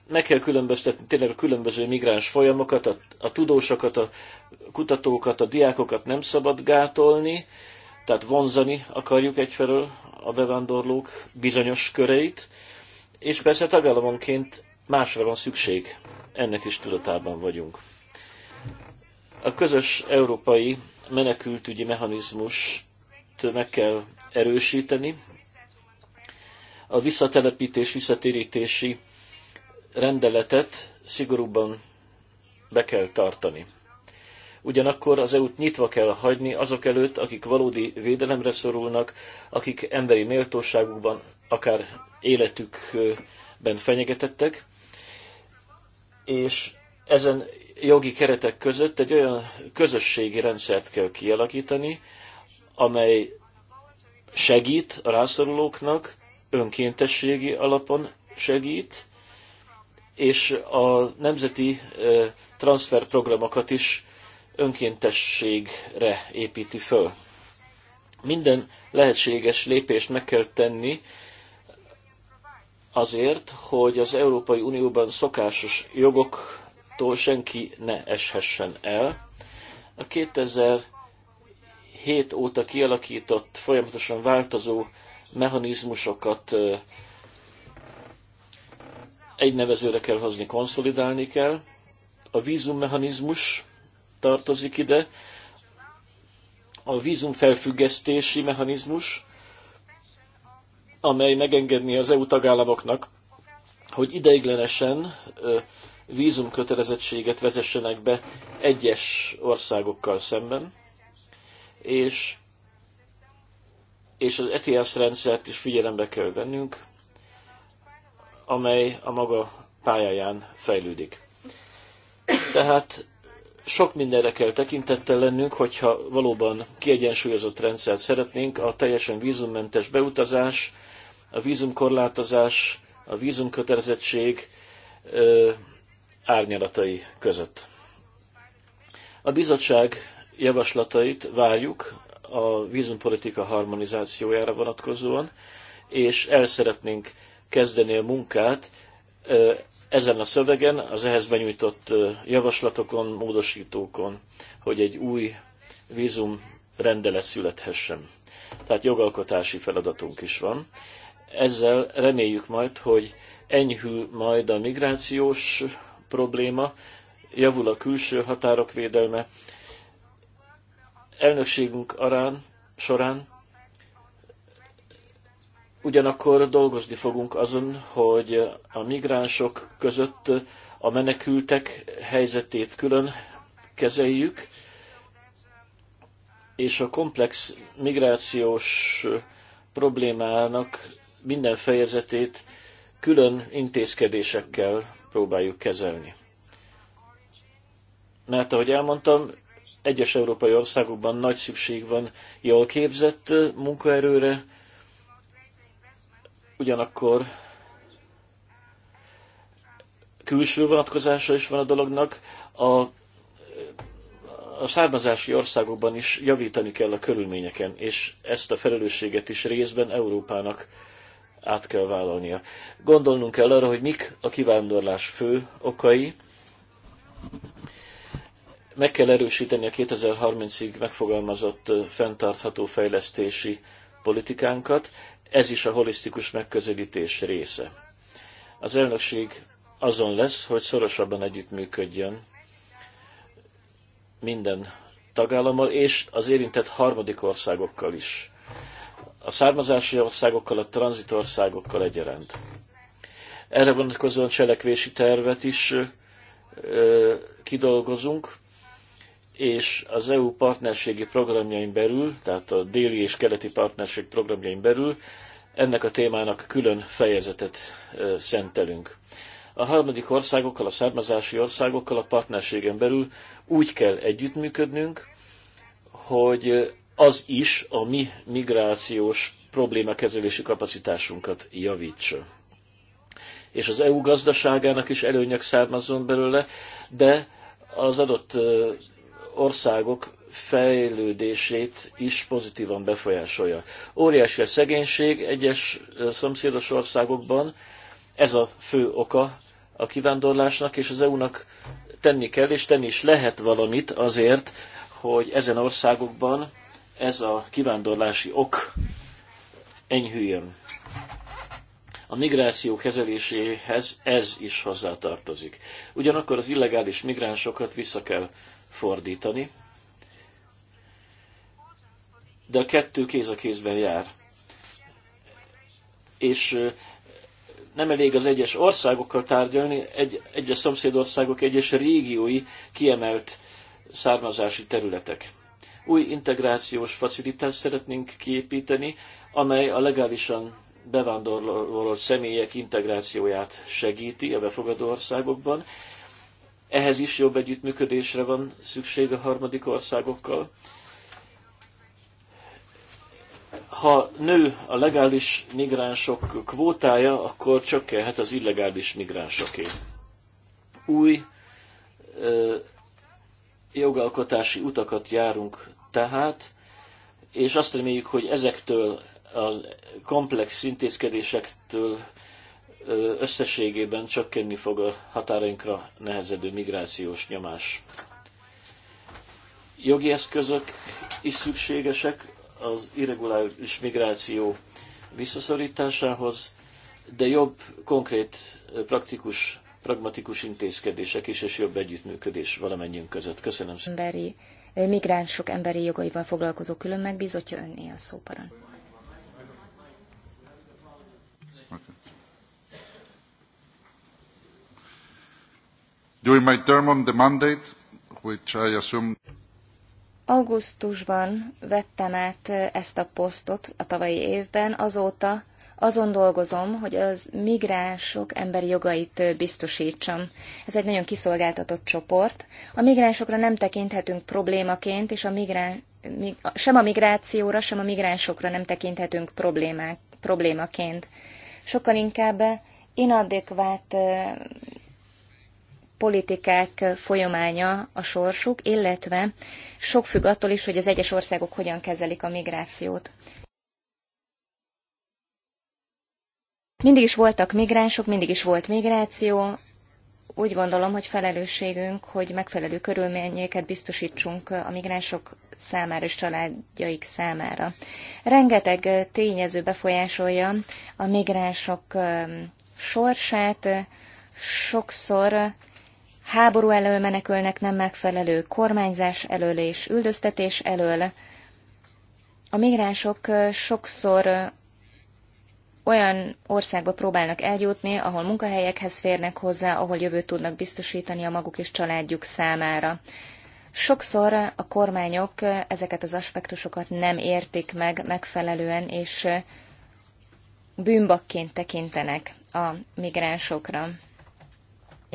meg kell különböztetni tényleg a különböző migráns folyamokat, a, a tudósokat, a kutatókat, a diákokat nem szabad gátolni, tehát vonzani akarjuk egyfelől a bevándorlók bizonyos köreit, és persze tagállamonként másra van szükség, ennek is tudatában vagyunk. A közös európai menekültügyi mechanizmus meg kell erősíteni. A visszatelepítés, visszatérítési rendeletet szigorúban be kell tartani. Ugyanakkor az EU-t nyitva kell hagyni azok előtt, akik valódi védelemre szorulnak, akik emberi méltóságukban, akár életükben fenyegetettek, és ezen jogi keretek között egy olyan közösségi rendszert kell kialakítani, amely segít a rászorulóknak, önkéntességi alapon segít, és a nemzeti transferprogramokat is önkéntességre építi föl. Minden lehetséges lépést meg kell tenni azért, hogy az Európai Unióban szokásos jogoktól senki ne eshessen el. A 2000 hét óta kialakított, folyamatosan változó mechanizmusokat egy nevezőre kell hozni, konszolidálni kell. A vízummechanizmus tartozik ide, a vízum felfüggesztési mechanizmus, amely megengedni az EU tagállamoknak, hogy ideiglenesen vízumkötelezettséget vezessenek be egyes országokkal szemben és, és az ETS rendszert is figyelembe kell vennünk, amely a maga pályáján fejlődik. Tehát sok mindenre kell tekintettel lennünk, hogyha valóban kiegyensúlyozott rendszert szeretnénk, a teljesen vízummentes beutazás, a vízumkorlátozás, a vízumkötelezettség árnyalatai között. A bizottság javaslatait várjuk a vízumpolitika harmonizációjára vonatkozóan, és el szeretnénk kezdeni a munkát ezen a szövegen, az ehhez benyújtott javaslatokon, módosítókon, hogy egy új vízum rendelet születhessen. Tehát jogalkotási feladatunk is van. Ezzel reméljük majd, hogy enyhül majd a migrációs probléma, javul a külső határok védelme, elnökségünk arán, során ugyanakkor dolgozni fogunk azon, hogy a migránsok között a menekültek helyzetét külön kezeljük, és a komplex migrációs problémának minden fejezetét külön intézkedésekkel próbáljuk kezelni. Mert ahogy elmondtam, egyes európai országokban nagy szükség van jól képzett munkaerőre, ugyanakkor külső vonatkozása is van a dolognak, a, a származási országokban is javítani kell a körülményeken, és ezt a felelősséget is részben Európának át kell vállalnia. Gondolnunk kell arra, hogy mik a kivándorlás fő okai, meg kell erősíteni a 2030-ig megfogalmazott fenntartható fejlesztési politikánkat, ez is a holisztikus megközelítés része. Az elnökség azon lesz, hogy szorosabban együttműködjön minden tagállammal és az érintett harmadik országokkal is. A származási országokkal, a országokkal egyaránt. Erre vonatkozóan cselekvési tervet is ö, kidolgozunk, és az EU partnerségi programjain belül, tehát a déli és keleti partnerség programjain belül ennek a témának külön fejezetet szentelünk. A harmadik országokkal, a származási országokkal a partnerségen belül úgy kell együttműködnünk, hogy az is a mi migrációs problémakezelési kapacitásunkat javítsa. És az EU gazdaságának is előnyök származzon belőle, de az adott országok fejlődését is pozitívan befolyásolja. Óriási a szegénység egyes szomszédos országokban, ez a fő oka a kivándorlásnak, és az EU-nak tenni kell, és tenni is lehet valamit azért, hogy ezen országokban ez a kivándorlási ok enyhüljön. A migráció kezeléséhez ez is hozzátartozik. Ugyanakkor az illegális migránsokat vissza kell fordítani, de a kettő kéz a kézben jár. És nem elég az egyes országokkal tárgyalni, egy, egyes szomszédországok, egyes régiói kiemelt származási területek. Új integrációs facilitást szeretnénk kiépíteni, amely a legálisan bevándorló személyek integrációját segíti a befogadó országokban, ehhez is jobb együttműködésre van szükség a harmadik országokkal. Ha nő a legális migránsok kvótája, akkor csökkenhet az illegális migránsoké. Új ö, jogalkotási utakat járunk tehát, és azt reméljük, hogy ezektől a komplex intézkedésektől összességében csökkenni fog a határainkra nehezedő migrációs nyomás. Jogi eszközök is szükségesek az irreguláris migráció visszaszorításához, de jobb, konkrét, praktikus, pragmatikus intézkedések is, és jobb együttműködés valamennyünk között. Köszönöm szépen. Emberi, eh, migránsok emberi jogaival foglalkozó külön megbízottja önné a During my term on the mandate, which I assume... Augusztusban vettem át eh, ezt a posztot a tavalyi évben, azóta azon dolgozom, hogy az migránsok emberi jogait eh, biztosítsam. Ez egy nagyon kiszolgáltatott csoport. A migránsokra nem tekinthetünk problémaként, és a migrán, sem a migrációra, sem a migránsokra nem tekinthetünk problémák, problémaként. Sokkal inkább inadekvát eh, politikák folyamánya a sorsuk, illetve sok függ attól is, hogy az egyes országok hogyan kezelik a migrációt. Mindig is voltak migránsok, mindig is volt migráció. Úgy gondolom, hogy felelősségünk, hogy megfelelő körülményeket biztosítsunk a migránsok számára és családjaik számára. Rengeteg tényező befolyásolja a migránsok sorsát, sokszor háború elől menekülnek nem megfelelő kormányzás elől és üldöztetés elől. A migránsok sokszor olyan országba próbálnak eljutni, ahol munkahelyekhez férnek hozzá, ahol jövőt tudnak biztosítani a maguk és családjuk számára. Sokszor a kormányok ezeket az aspektusokat nem értik meg megfelelően, és bűnbakként tekintenek a migránsokra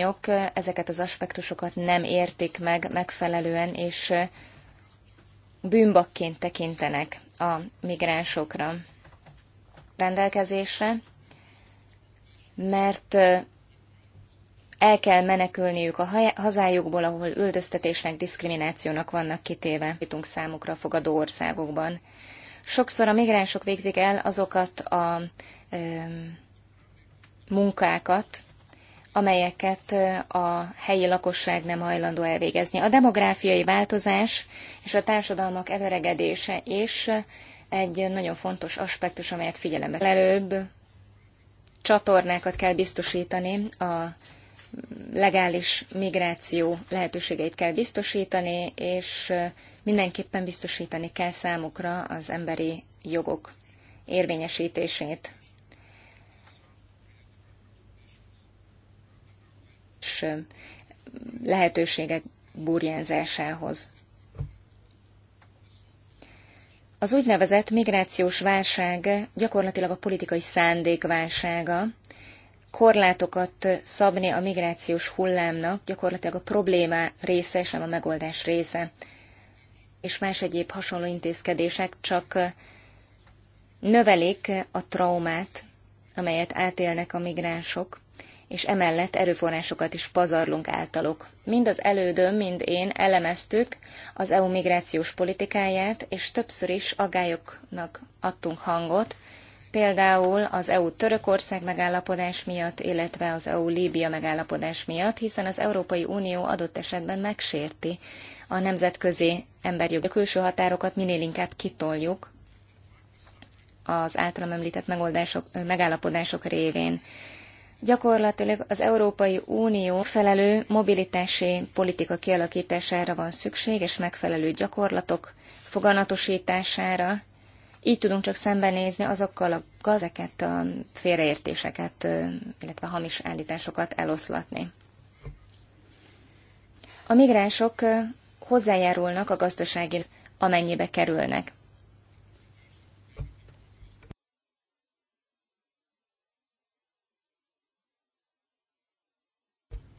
kormányok ezeket az aspektusokat nem értik meg megfelelően, és bűnbakként tekintenek a migránsokra rendelkezésre, mert el kell menekülniük a hazájukból, ahol üldöztetésnek, diszkriminációnak vannak kitéve, jutunk számukra a fogadó országokban. Sokszor a migránsok végzik el azokat a ö, munkákat, amelyeket a helyi lakosság nem hajlandó elvégezni. A demográfiai változás és a társadalmak everegedése is egy nagyon fontos aspektus, amelyet figyelembe kell. Előbb csatornákat kell biztosítani, a legális migráció lehetőségeit kell biztosítani, és mindenképpen biztosítani kell számukra az emberi jogok érvényesítését. lehetőségek burjánzásához. Az úgynevezett migrációs válság gyakorlatilag a politikai szándék válsága, korlátokat szabni a migrációs hullámnak gyakorlatilag a probléma része és nem a megoldás része. És más egyéb hasonló intézkedések csak növelik a traumát, amelyet átélnek a migránsok, és emellett erőforrásokat is pazarlunk általuk. Mind az elődöm, mind én elemeztük az EU migrációs politikáját, és többször is agályoknak adtunk hangot, például az EU-Törökország megállapodás miatt, illetve az EU-Líbia megállapodás miatt, hiszen az Európai Unió adott esetben megsérti a nemzetközi emberjogi külső határokat minél inkább kitoljuk az általam említett megoldások, megállapodások révén. Gyakorlatilag az Európai Unió felelő mobilitási politika kialakítására van szükség, és megfelelő gyakorlatok foganatosítására. Így tudunk csak szembenézni azokkal a gazeket, a félreértéseket, illetve hamis állításokat eloszlatni. A migránsok hozzájárulnak a gazdasági, amennyibe kerülnek.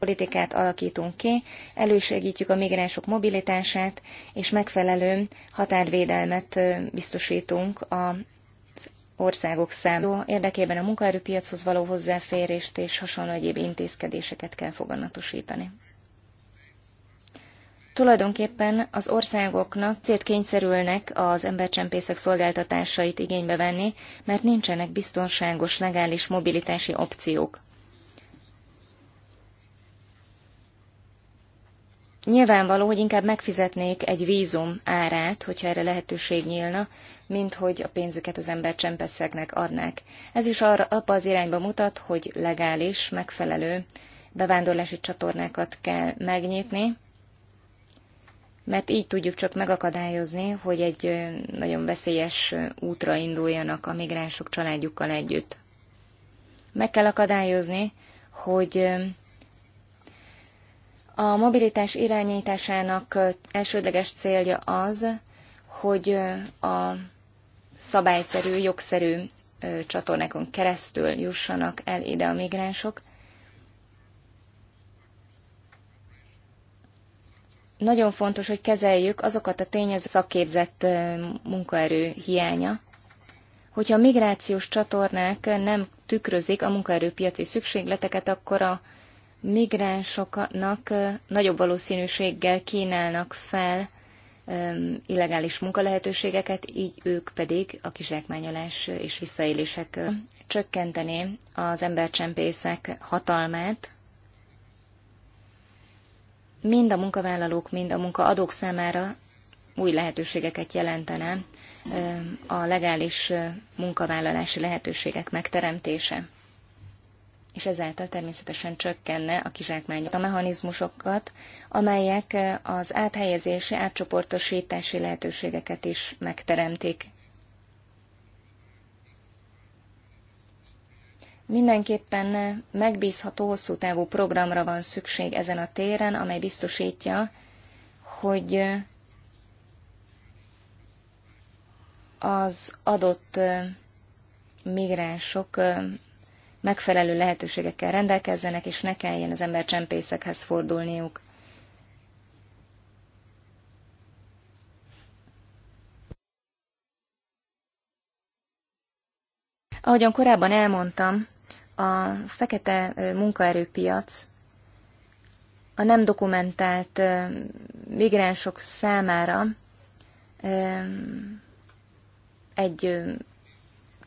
politikát alakítunk ki, elősegítjük a migránsok mobilitását, és megfelelő határvédelmet biztosítunk a országok számára. Érdekében a munkaerőpiachoz való hozzáférést és hasonló egyéb intézkedéseket kell foganatosítani. Tulajdonképpen az országoknak célt kényszerülnek az embercsempészek szolgáltatásait igénybe venni, mert nincsenek biztonságos, legális mobilitási opciók. Nyilvánvaló, hogy inkább megfizetnék egy vízum árát, hogyha erre lehetőség nyílna, mint hogy a pénzüket az ember csempeszeknek adnák. Ez is arra, abba az irányba mutat, hogy legális, megfelelő bevándorlási csatornákat kell megnyitni, mert így tudjuk csak megakadályozni, hogy egy nagyon veszélyes útra induljanak a migránsok családjukkal együtt. Meg kell akadályozni, hogy a mobilitás irányításának elsődleges célja az, hogy a szabályszerű, jogszerű csatornákon keresztül jussanak el ide a migránsok. Nagyon fontos, hogy kezeljük azokat a tényező szakképzett munkaerő hiánya, hogyha a migrációs csatornák nem tükrözik a munkaerőpiaci szükségleteket, akkor a migránsoknak nagyobb valószínűséggel kínálnak fel illegális munkalehetőségeket, így ők pedig a kizsákmányolás és visszaélések csökkenteni az embercsempészek hatalmát, mind a munkavállalók, mind a munkaadók számára új lehetőségeket jelentene a legális munkavállalási lehetőségek megteremtése és ezáltal természetesen csökkenne a kizsákmányok, a mechanizmusokat, amelyek az áthelyezési, átcsoportosítási lehetőségeket is megteremtik. Mindenképpen megbízható, hosszú távú programra van szükség ezen a téren, amely biztosítja, hogy az adott migránsok megfelelő lehetőségekkel rendelkezzenek, és ne kelljen az ember csempészekhez fordulniuk. Ahogyan korábban elmondtam, a fekete munkaerőpiac a nem dokumentált migránsok számára egy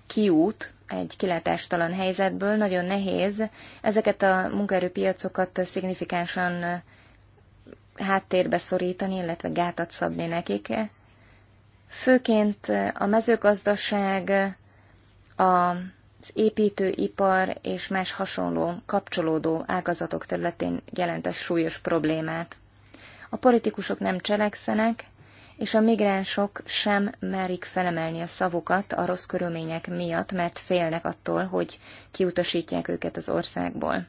kiút, egy kilátástalan helyzetből, nagyon nehéz ezeket a munkaerőpiacokat szignifikánsan eh, háttérbe szorítani, illetve gátat szabni nekik. Főként a mezőgazdaság, az építőipar és más hasonló kapcsolódó ágazatok területén jelentes súlyos problémát. A politikusok nem cselekszenek, és a migránsok sem merik felemelni a szavukat a rossz körülmények miatt, mert félnek attól, hogy kiutasítják őket az országból.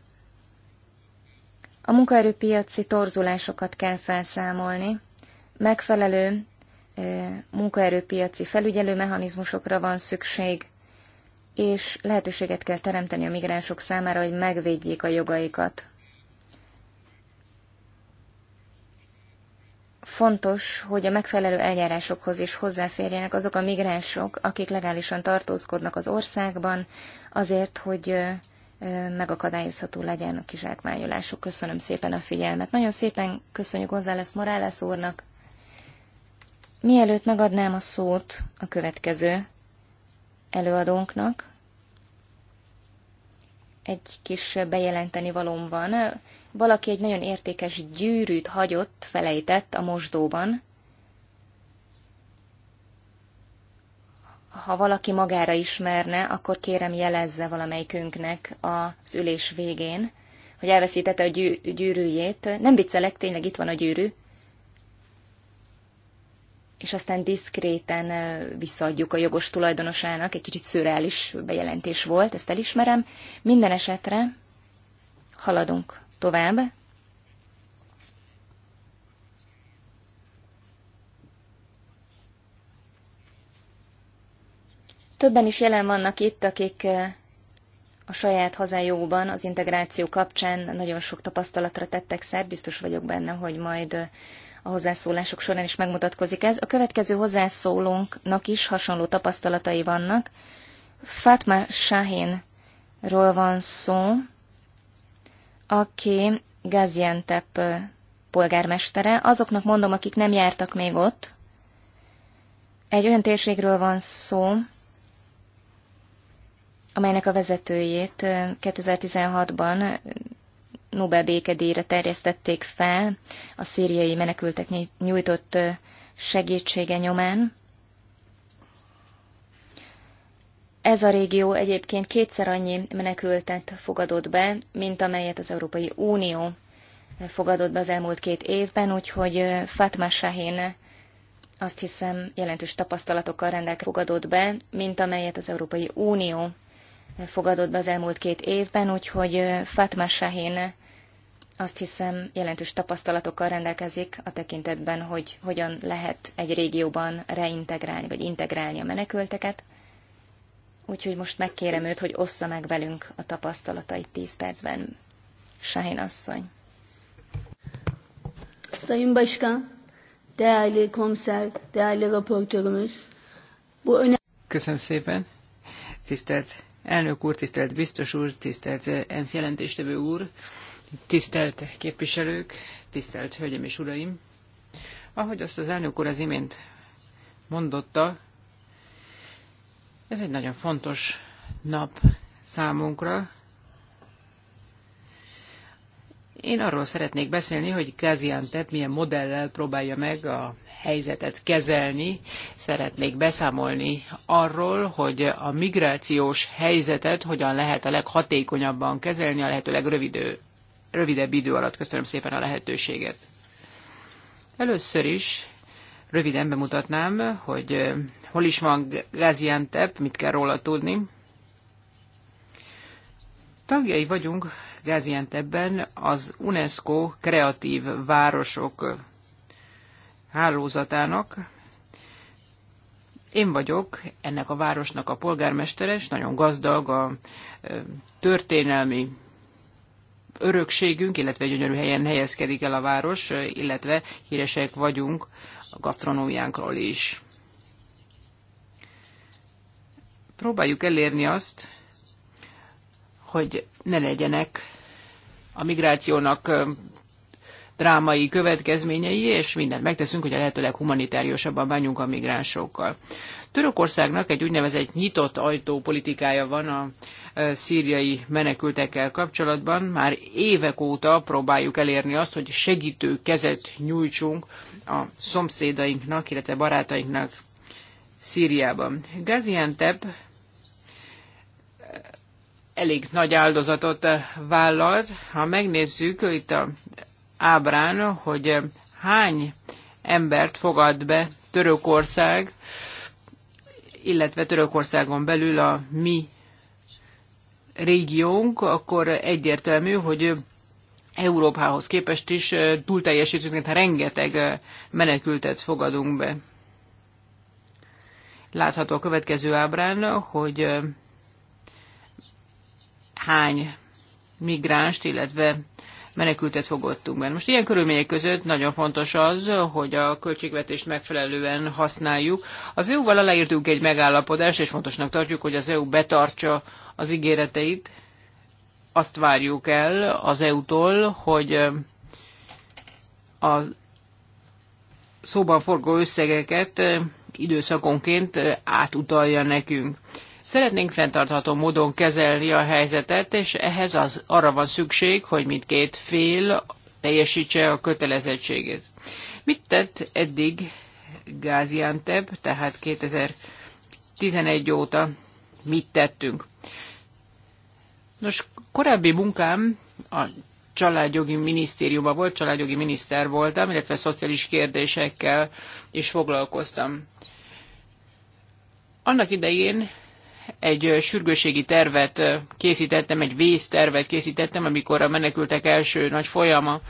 A munkaerőpiaci torzulásokat kell felszámolni, megfelelő munkaerőpiaci felügyelő mechanizmusokra van szükség, és lehetőséget kell teremteni a migránsok számára, hogy megvédjék a jogaikat. fontos, hogy a megfelelő eljárásokhoz is hozzáférjenek azok a migránsok, akik legálisan tartózkodnak az országban, azért, hogy megakadályozható legyen a kizsákmányolásuk. Köszönöm szépen a figyelmet. Nagyon szépen köszönjük González Morales úrnak. Mielőtt megadnám a szót a következő előadónknak, egy kis bejelenteni valóm van. Valaki egy nagyon értékes gyűrűt hagyott, felejtett a mosdóban. Ha valaki magára ismerne, akkor kérem jelezze valamelyikünknek az ülés végén, hogy elveszítette a gyűrűjét. Nem viccelek, tényleg itt van a gyűrű és aztán diszkréten visszaadjuk a jogos tulajdonosának. Egy kicsit szürreális bejelentés volt, ezt elismerem. Minden esetre haladunk tovább. Többen is jelen vannak itt, akik a saját hazájukban az integráció kapcsán nagyon sok tapasztalatra tettek szert, biztos vagyok benne, hogy majd a hozzászólások során is megmutatkozik ez. A következő hozzászólónknak is hasonló tapasztalatai vannak. Fatma Shahinról van szó, aki Gaziantep polgármestere. Azoknak mondom, akik nem jártak még ott. Egy olyan térségről van szó, amelynek a vezetőjét 2016-ban Nobel békedélyre terjesztették fel a szíriai menekültek nyújtott segítsége nyomán. Ez a régió egyébként kétszer annyi menekültet fogadott be, mint amelyet az Európai Unió fogadott be az elmúlt két évben, úgyhogy Fatma Sahin azt hiszem jelentős tapasztalatokkal rendelkezik fogadott be, mint amelyet az Európai Unió fogadott be az elmúlt két évben, úgyhogy Fatma Sahin azt hiszem jelentős tapasztalatokkal rendelkezik a tekintetben, hogy hogyan lehet egy régióban reintegrálni, vagy integrálni a menekülteket. Úgyhogy most megkérem őt, hogy ossza meg velünk a tapasztalatait 10 percben. Sahin asszony. Sayın Başkan, değerli komiser, değerli raportörümüz. Bu öne- Köszönöm szépen. Tisztelt elnök úr, tisztelt biztos úr, tisztelt ENSZ jelentéstevő úr. Tisztelt képviselők, tisztelt hölgyem és uraim! Ahogy azt az elnök úr az imént mondotta, ez egy nagyon fontos nap számunkra. Én arról szeretnék beszélni, hogy Gaziantep milyen modellel próbálja meg a helyzetet kezelni. Szeretnék beszámolni arról, hogy a migrációs helyzetet hogyan lehet a leghatékonyabban kezelni, a lehető legrövidebb rövidebb idő alatt. Köszönöm szépen a lehetőséget. Először is röviden bemutatnám, hogy hol is van Gaziantep, mit kell róla tudni. Tagjai vagyunk Gaziantepben az UNESCO kreatív városok hálózatának. Én vagyok ennek a városnak a polgármestere, és nagyon gazdag a történelmi örökségünk, illetve gyönyörű helyen helyezkedik el a város, illetve híresek vagyunk a gasztronómiánkról is. Próbáljuk elérni azt, hogy ne legyenek a migrációnak drámai következményei, és mindent megteszünk, hogy a lehető leghumanitáriusabban bánjunk a migránsokkal. Törökországnak egy úgynevezett nyitott ajtó politikája van a e, szíriai menekültekkel kapcsolatban. Már évek óta próbáljuk elérni azt, hogy segítő kezet nyújtsunk a szomszédainknak, illetve barátainknak Szíriában. Gaziantep e, elég nagy áldozatot e, vállalt. Ha megnézzük itt a ábrán, hogy hány embert fogad be Törökország illetve Törökországon belül a mi régiónk, akkor egyértelmű, hogy Európához képest is túlteljesítünk, tehát rengeteg menekültet fogadunk be. Látható a következő ábrán, hogy hány migránst, illetve menekültet fogadtunk be. Most ilyen körülmények között nagyon fontos az, hogy a költségvetést megfelelően használjuk. Az EU-val aláírtunk egy megállapodást, és fontosnak tartjuk, hogy az EU betartsa az ígéreteit. Azt várjuk el az EU-tól, hogy a szóban forgó összegeket időszakonként átutalja nekünk. Szeretnénk fenntartható módon kezelni a helyzetet, és ehhez az, arra van szükség, hogy mindkét fél teljesítse a kötelezettségét. Mit tett eddig Gaziantep, tehát 2011 óta mit tettünk? Nos, korábbi munkám a családjogi minisztériumban volt, családjogi miniszter voltam, illetve szociális kérdésekkel is foglalkoztam. Annak idején egy sürgőségi tervet készítettem, egy vésztervet készítettem, amikor a menekültek első nagy folyama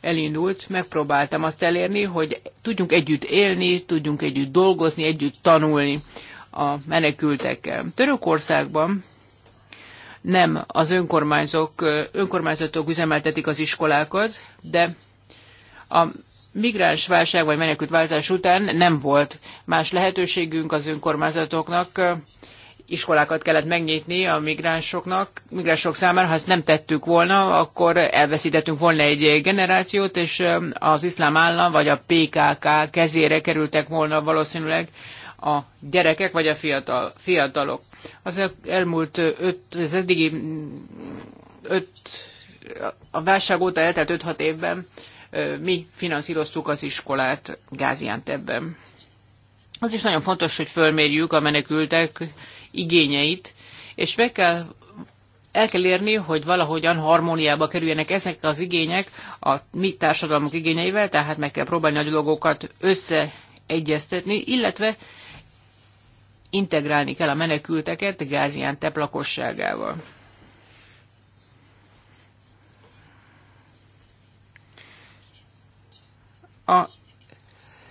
elindult, megpróbáltam azt elérni, hogy tudjunk együtt élni, tudjunk együtt dolgozni, együtt tanulni a menekültekkel. Törökországban nem az önkormányzók, önkormányzatok üzemeltetik az iskolákat, de a migráns válság vagy menekült után nem volt más lehetőségünk az önkormányzatoknak iskolákat kellett megnyitni a migránsoknak, migránsok számára, ha ezt nem tettük volna, akkor elveszítettünk volna egy generációt, és az iszlám állam vagy a PKK kezére kerültek volna valószínűleg a gyerekek vagy a fiatal, fiatalok. Az elmúlt öt, az eddigi öt, a válság óta eltelt 5-6 évben mi finanszíroztuk az iskolát Gáziántebben. Az is nagyon fontos, hogy fölmérjük a menekültek igényeit, és meg kell el kell érni, hogy valahogyan harmóniába kerüljenek ezek az igények a mi társadalmunk igényeivel, tehát meg kell próbálni a dolgokat összeegyeztetni, illetve integrálni kell a menekülteket Gáziántep lakosságával. A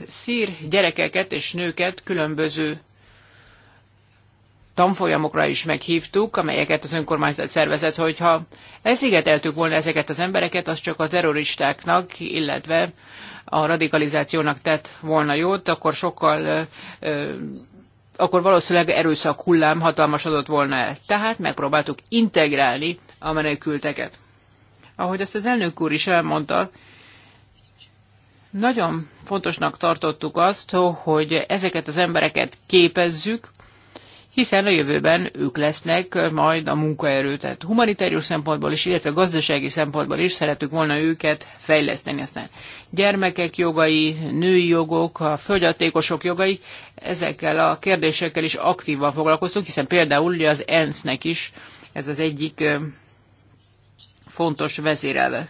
szír gyerekeket és nőket különböző tanfolyamokra is meghívtuk, amelyeket az önkormányzat szervezett, hogyha elszigeteltük volna ezeket az embereket, az csak a terroristáknak, illetve a radikalizációnak tett volna jót, akkor sokkal akkor valószínűleg erőszak hullám hatalmasodott volna el. Tehát megpróbáltuk integrálni a menekülteket. Ahogy ezt az elnök úr is elmondta, nagyon fontosnak tartottuk azt, hogy ezeket az embereket képezzük, hiszen a jövőben ők lesznek majd a munkaerő, tehát humanitárius szempontból is, illetve gazdasági szempontból is szeretük volna őket fejleszteni. Aztán gyermekek jogai, női jogok, a fogyatékosok jogai, ezekkel a kérdésekkel is aktívan foglalkoztunk, hiszen például az ENSZ-nek is ez az egyik fontos vezérelve.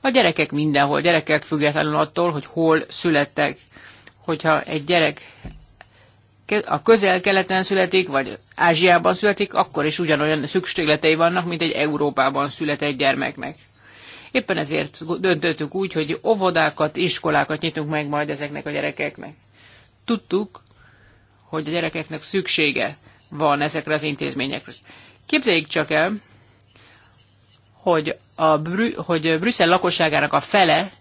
A gyerekek mindenhol, gyerekek függetlenül attól, hogy hol születtek. Hogyha egy gyerek a közel-keleten születik, vagy Ázsiában születik, akkor is ugyanolyan szükségletei vannak, mint egy Európában született gyermeknek. Éppen ezért döntöttük úgy, hogy óvodákat, iskolákat nyitunk meg majd ezeknek a gyerekeknek. Tudtuk, hogy a gyerekeknek szüksége van ezekre az intézményekre. Képzeljék csak el, hogy, a Brü- hogy Brüsszel lakosságának a fele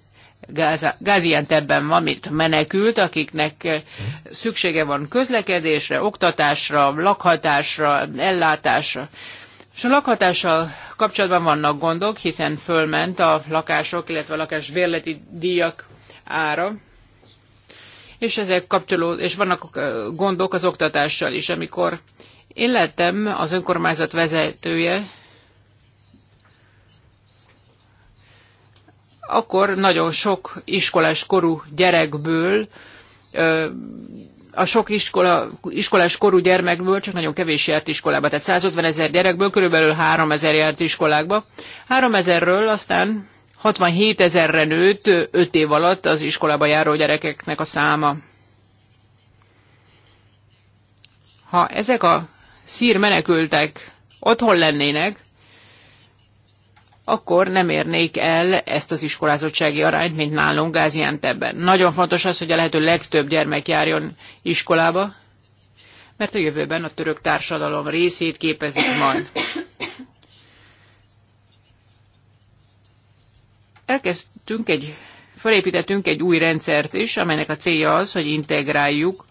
Gáziantebben van, mint menekült, akiknek eh, szüksége van közlekedésre, oktatásra, lakhatásra, ellátásra. És a lakhatással kapcsolatban vannak gondok, hiszen fölment a lakások, illetve a lakás bérleti díjak ára, és ezek kapcsoló, és vannak eh, gondok az oktatással is. Amikor én lettem az önkormányzat vezetője, akkor nagyon sok iskolás korú gyerekből a sok iskola, iskolás korú gyermekből csak nagyon kevés járt iskolába. Tehát 150 ezer gyerekből körülbelül 3 ezer járt iskolákba. 3 ezerről aztán 67 ezerre nőtt 5 év alatt az iskolába járó gyerekeknek a száma. Ha ezek a szír menekültek otthon lennének, akkor nem érnék el ezt az iskolázottsági arányt, mint nálunk Gáziantebben. Nagyon fontos az, hogy a lehető legtöbb gyermek járjon iskolába, mert a jövőben a török társadalom részét képezik majd. Elkezdtünk egy, felépítettünk egy új rendszert is, amelynek a célja az, hogy integráljuk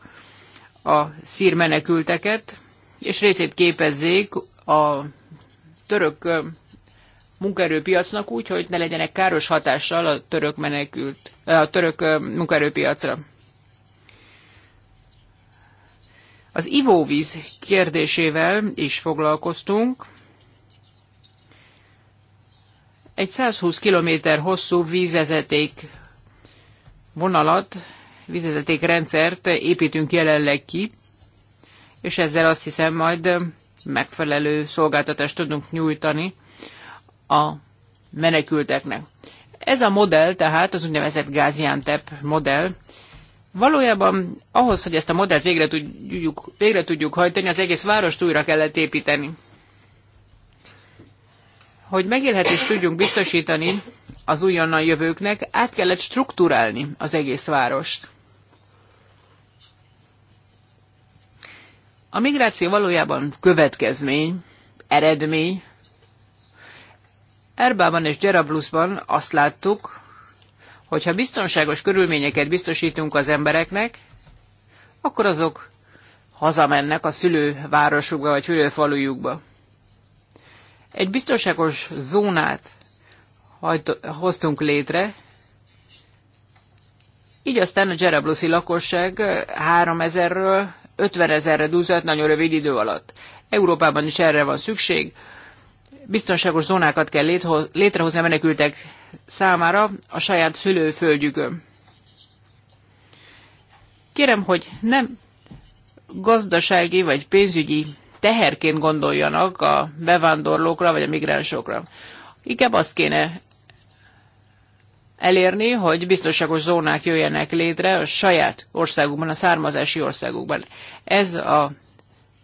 a szír menekülteket, és részét képezzék a török munkaerőpiacnak úgy, hogy ne legyenek káros hatással a török, menekült, a török munkaerőpiacra. Az ivóvíz kérdésével is foglalkoztunk. Egy 120 km hosszú vízvezeték vonalat, vízvezeték rendszert építünk jelenleg ki, és ezzel azt hiszem majd megfelelő szolgáltatást tudunk nyújtani a menekülteknek. Ez a modell, tehát az úgynevezett Gaziantep modell, valójában ahhoz, hogy ezt a modellt végre tudjuk, végre tudjuk hajtani, az egész várost újra kellett építeni. Hogy megélhetést tudjunk biztosítani az újonnan jövőknek, át kellett struktúrálni az egész várost. A migráció valójában következmény, eredmény Erbában és Gerablusban azt láttuk, hogy ha biztonságos körülményeket biztosítunk az embereknek, akkor azok hazamennek a szülővárosukba vagy szülőfalujukba. Egy biztonságos zónát hoztunk létre, így aztán a Gerabluszi lakosság 3000-ről 50 ezerre dúzott nagyon rövid idő alatt. Európában is erre van szükség, biztonságos zónákat kell létrehozni a menekültek számára a saját szülőföldjükön. Kérem, hogy nem gazdasági vagy pénzügyi teherként gondoljanak a bevándorlókra vagy a migránsokra. Inkább azt kéne elérni, hogy biztonságos zónák jöjjenek létre a saját országukban, a származási országukban. Ez a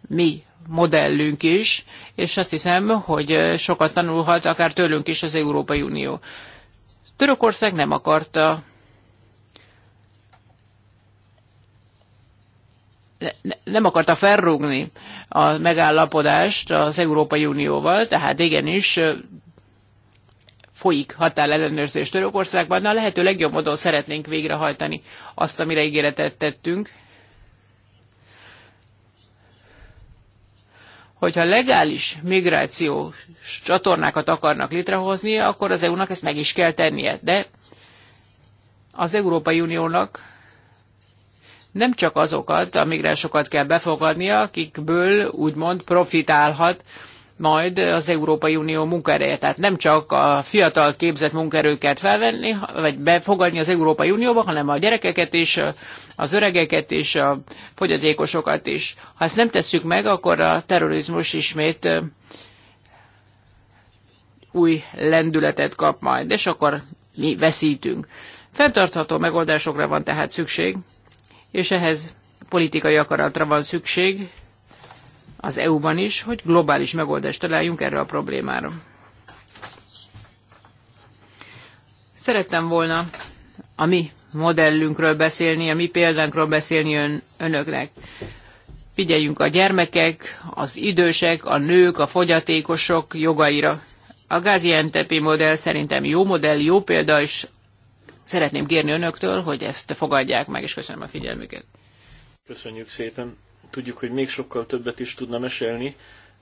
mi modellünk is, és azt hiszem, hogy sokat tanulhat akár tőlünk is az Európai Unió. Törökország nem akarta nem akarta felrúgni a megállapodást az Európai Unióval, tehát igenis folyik határellenőrzés Törökországban, de a lehető legjobb módon szeretnénk végrehajtani azt, amire ígéretet tettünk. hogyha legális migrációs csatornákat akarnak létrehozni, akkor az EU-nak ezt meg is kell tennie. De az Európai Uniónak nem csak azokat a migránsokat kell befogadnia, akikből úgymond profitálhat majd az Európai Unió munkaereje. Tehát nem csak a fiatal képzett munkaerőket felvenni, vagy befogadni az Európai Unióba, hanem a gyerekeket is, az öregeket is, a fogyatékosokat is. Ha ezt nem tesszük meg, akkor a terrorizmus ismét új lendületet kap majd, és akkor mi veszítünk. Fentartható megoldásokra van tehát szükség, és ehhez politikai akaratra van szükség, az EU-ban is, hogy globális megoldást találjunk erre a problémára. Szerettem volna a mi modellünkről beszélni, a mi példánkról beszélni ön, önöknek. Figyeljünk a gyermekek, az idősek, a nők, a fogyatékosok jogaira. A Gaziantepi modell szerintem jó modell, jó példa, és szeretném kérni önöktől, hogy ezt fogadják meg, és köszönöm a figyelmüket. Köszönjük szépen. Tudjuk, hogy még sokkal többet is tudna mesélni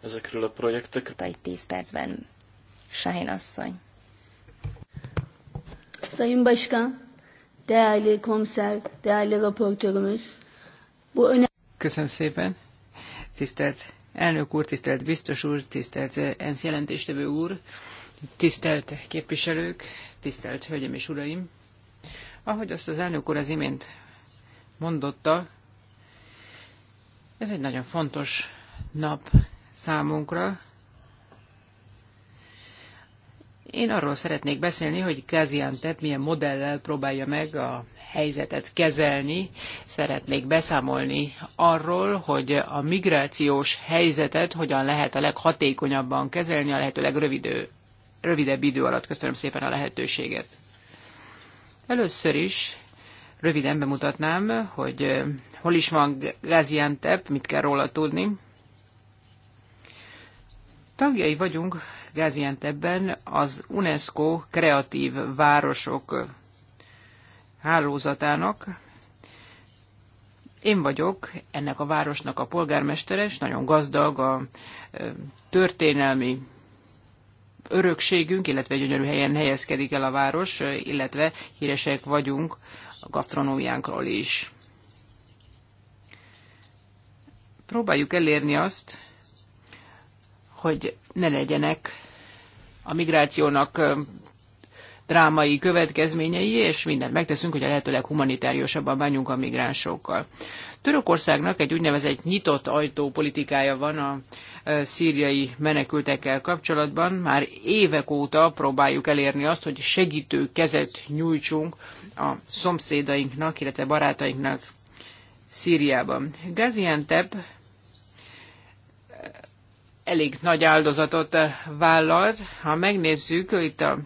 ezekről a projektekről. Egy tíz percben, Sahin asszony. Sayın Başkan, değerli komiser, değerli raportörümüz. Bu öne... Köszönöm szépen. Tisztelt elnök úr, tisztelt biztos úr, tisztelt eh, ENSZ jelentéstevő úr, tisztelt képviselők, tisztelt hölgyeim és uraim. Ahogy azt az elnök úr az imént mondotta, ez egy nagyon fontos nap számunkra. Én arról szeretnék beszélni, hogy Gaziantep milyen modellel próbálja meg a helyzetet kezelni. Szeretnék beszámolni arról, hogy a migrációs helyzetet hogyan lehet a leghatékonyabban kezelni, a lehető legrövidebb rövidebb idő alatt. Köszönöm szépen a lehetőséget. Először is röviden bemutatnám, hogy hol is van Gaziantep, mit kell róla tudni. Tagjai vagyunk Gaziantepben az UNESCO kreatív városok hálózatának. Én vagyok ennek a városnak a polgármestere, és nagyon gazdag a e, történelmi örökségünk, illetve gyönyörű helyen helyezkedik el a város, e, illetve híresek vagyunk a gasztronómiánkról is. próbáljuk elérni azt, hogy ne legyenek a migrációnak drámai következményei, és mindent megteszünk, hogy a lehetőleg humanitáriusabban bánjunk a migránsokkal. Törökországnak egy úgynevezett nyitott ajtó politikája van a szíriai menekültekkel kapcsolatban. Már évek óta próbáljuk elérni azt, hogy segítő kezet nyújtsunk a szomszédainknak, illetve barátainknak Szíriában. Gaziantep elég nagy áldozatot eh, vállalt. Ha megnézzük itt a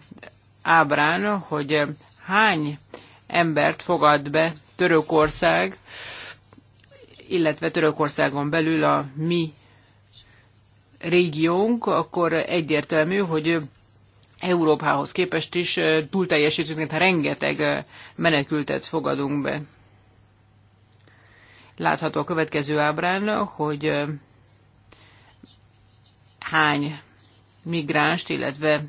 ábrán, hogy eh, hány embert fogad be Törökország, illetve Törökországon belül a mi régiónk, akkor egyértelmű, hogy Európához képest is eh, túl teljesítünk, rengeteg menekültet fogadunk be. Látható a következő ábrán, hogy hány migránst, illetve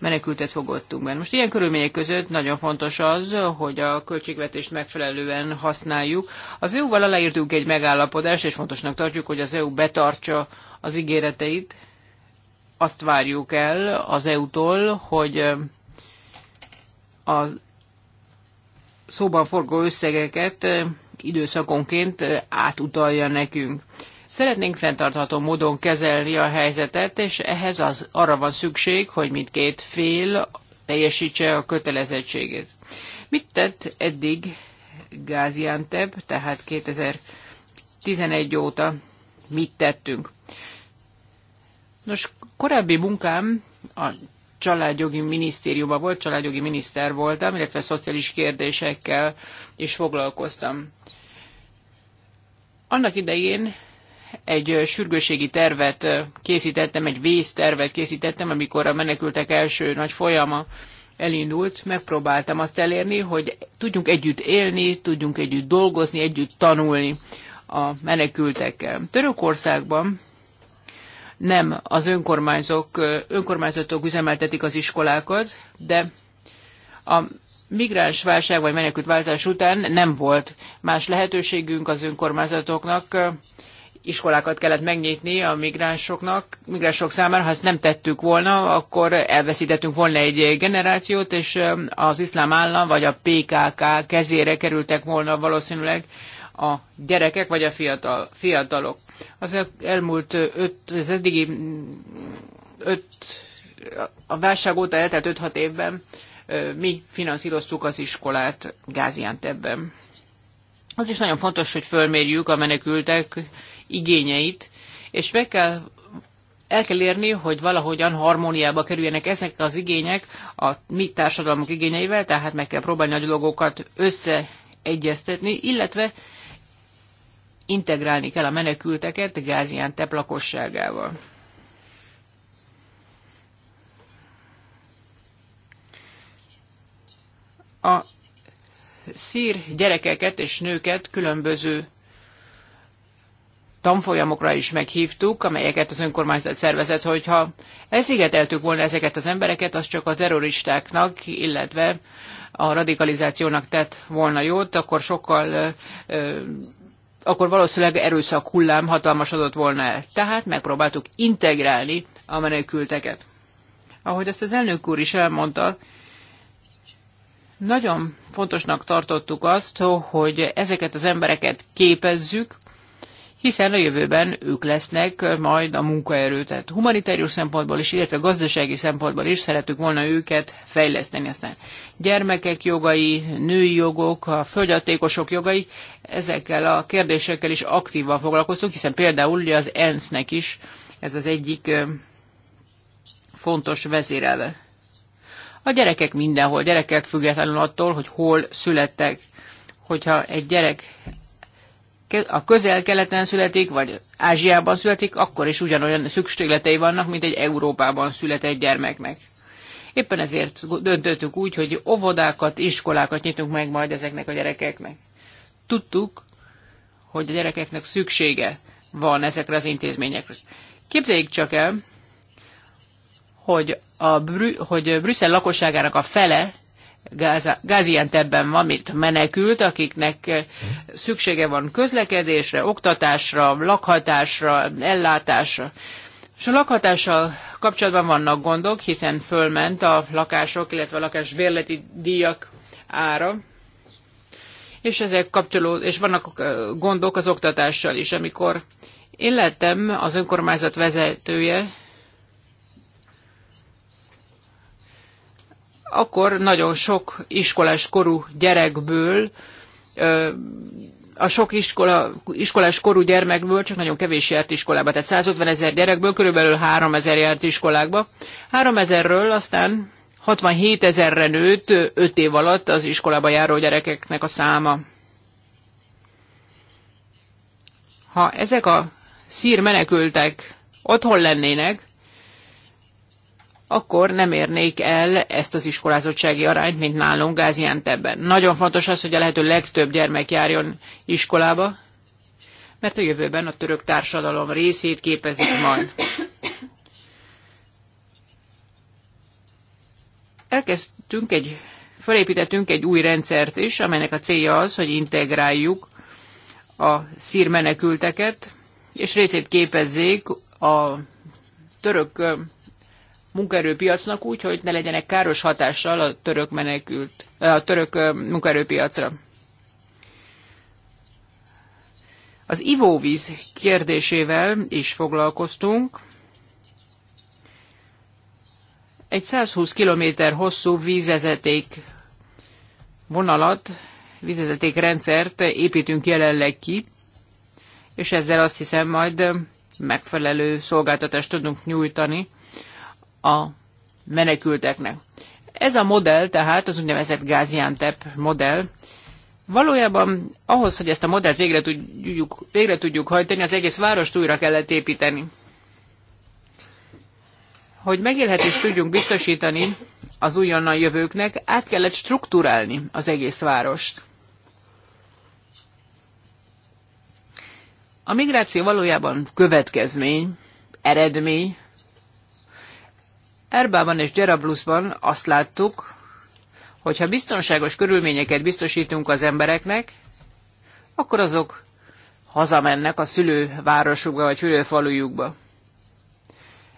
menekültet fogottunk be. Most ilyen körülmények között nagyon fontos az, hogy a költségvetést megfelelően használjuk. Az EU-val aláírtunk egy megállapodást, és fontosnak tartjuk, hogy az EU betartsa az ígéreteit. Azt várjuk el az EU-tól, hogy a szóban forgó összegeket időszakonként átutalja nekünk. Szeretnénk fenntartható módon kezelni a helyzetet, és ehhez az, arra van szükség, hogy mindkét fél teljesítse a kötelezettségét. Mit tett eddig Gáziantep, tehát 2011 óta mit tettünk? Nos, korábbi munkám a családjogi minisztériumban volt, családjogi miniszter voltam, illetve szociális kérdésekkel is foglalkoztam. Annak idején egy sürgőségi tervet készítettem, egy vésztervet készítettem, amikor a menekültek első nagy folyama elindult, megpróbáltam azt elérni, hogy tudjunk együtt élni, tudjunk együtt dolgozni, együtt tanulni a menekültekkel. Törökországban nem az önkormányzók, önkormányzatok üzemeltetik az iskolákat, de a migráns válság vagy menekült váltás után nem volt más lehetőségünk az önkormányzatoknak iskolákat kellett megnyitni a migránsoknak, migránsok számára, ha ezt nem tettük volna, akkor elveszítettünk volna egy generációt, és um, az iszlám állam vagy a PKK kezére kerültek volna valószínűleg a gyerekek vagy a fiatal, fiatalok. Az elmúlt öt, az eddigi öt, a válság óta eltelt 5-6 évben mi finanszíroztuk az iskolát Gáziántebben. Az is nagyon fontos, hogy fölmérjük a menekültek igényeit, és meg kell, el kell érni, hogy valahogyan harmóniába kerüljenek ezek az igények a mi társadalmunk igényeivel, tehát meg kell próbálni a dolgokat összeegyeztetni, illetve integrálni kell a menekülteket Gáziántep lakosságával. A szír gyerekeket és nőket különböző tanfolyamokra is meghívtuk, amelyeket az önkormányzat szervezett, hogyha elszigeteltük volna ezeket az embereket, az csak a terroristáknak, illetve a radikalizációnak tett volna jót, akkor sokkal akkor valószínűleg erőszak hullám hatalmasodott volna el. Tehát megpróbáltuk integrálni a menekülteket. Ahogy azt az elnök úr is elmondta, nagyon fontosnak tartottuk azt, hogy ezeket az embereket képezzük, hiszen a jövőben ők lesznek majd a munkaerő, tehát humanitárius szempontból is, illetve gazdasági szempontból is szeretük volna őket fejleszteni. Aztán gyermekek jogai, női jogok, a fogyatékosok jogai, ezekkel a kérdésekkel is aktívan foglalkoztunk, hiszen például az ENSZ-nek is ez az egyik fontos vezérelve. A gyerekek mindenhol, gyerekek függetlenül attól, hogy hol születtek. Hogyha egy gyerek a közel-keleten születik, vagy Ázsiában születik, akkor is ugyanolyan szükségletei vannak, mint egy Európában született gyermeknek. Éppen ezért döntöttük úgy, hogy óvodákat, iskolákat nyitunk meg majd ezeknek a gyerekeknek. Tudtuk, hogy a gyerekeknek szüksége van ezekre az intézményekre. Képzeljék csak el, hogy, a Brü- hogy Brüsszel lakosságának a fele Gáziantepben van, mint menekült, akiknek eh, szüksége van közlekedésre, oktatásra, lakhatásra, ellátásra. És a lakhatással kapcsolatban vannak gondok, hiszen fölment a lakások, illetve a lakásbérleti díjak ára, és ezek kapcsoló, és vannak eh, gondok az oktatással is. Amikor én lettem az önkormányzat vezetője, akkor nagyon sok iskolás korú gyerekből a sok iskola, iskolás korú gyermekből csak nagyon kevés járt iskolába. Tehát 150 ezer gyerekből körülbelül 3 ezer járt iskolákba. 3 ezerről aztán 67 ezerre nőtt 5 év alatt az iskolába járó gyerekeknek a száma. Ha ezek a szír menekültek otthon lennének, akkor nem érnék el ezt az iskolázottsági arányt, mint nálunk Gáziantebben. Nagyon fontos az, hogy a lehető legtöbb gyermek járjon iskolába, mert a jövőben a török társadalom részét képezik majd. Elkezdtünk egy, felépítettünk egy új rendszert is, amelynek a célja az, hogy integráljuk a szír menekülteket, és részét képezzék a török munkaerőpiacnak úgy, hogy ne legyenek káros hatással a török menekült, a török munkaerőpiacra. Az ivóvíz kérdésével is foglalkoztunk. Egy 120 km hosszú vízvezeték vonalat, vízvezeték rendszert építünk jelenleg ki, és ezzel azt hiszem majd megfelelő szolgáltatást tudunk nyújtani a menekülteknek. Ez a modell, tehát az úgynevezett Gaziantep modell, valójában ahhoz, hogy ezt a modellt végre tudjuk, végre tudjuk hajtani, az egész várost újra kellett építeni. Hogy megélhetést tudjunk biztosítani az újonnan jövőknek, át kellett strukturálni az egész várost. A migráció valójában következmény, eredmény Erbában és Gerablusban azt láttuk, ha biztonságos körülményeket biztosítunk az embereknek, akkor azok hazamennek a szülővárosukba vagy szülőfalujukba.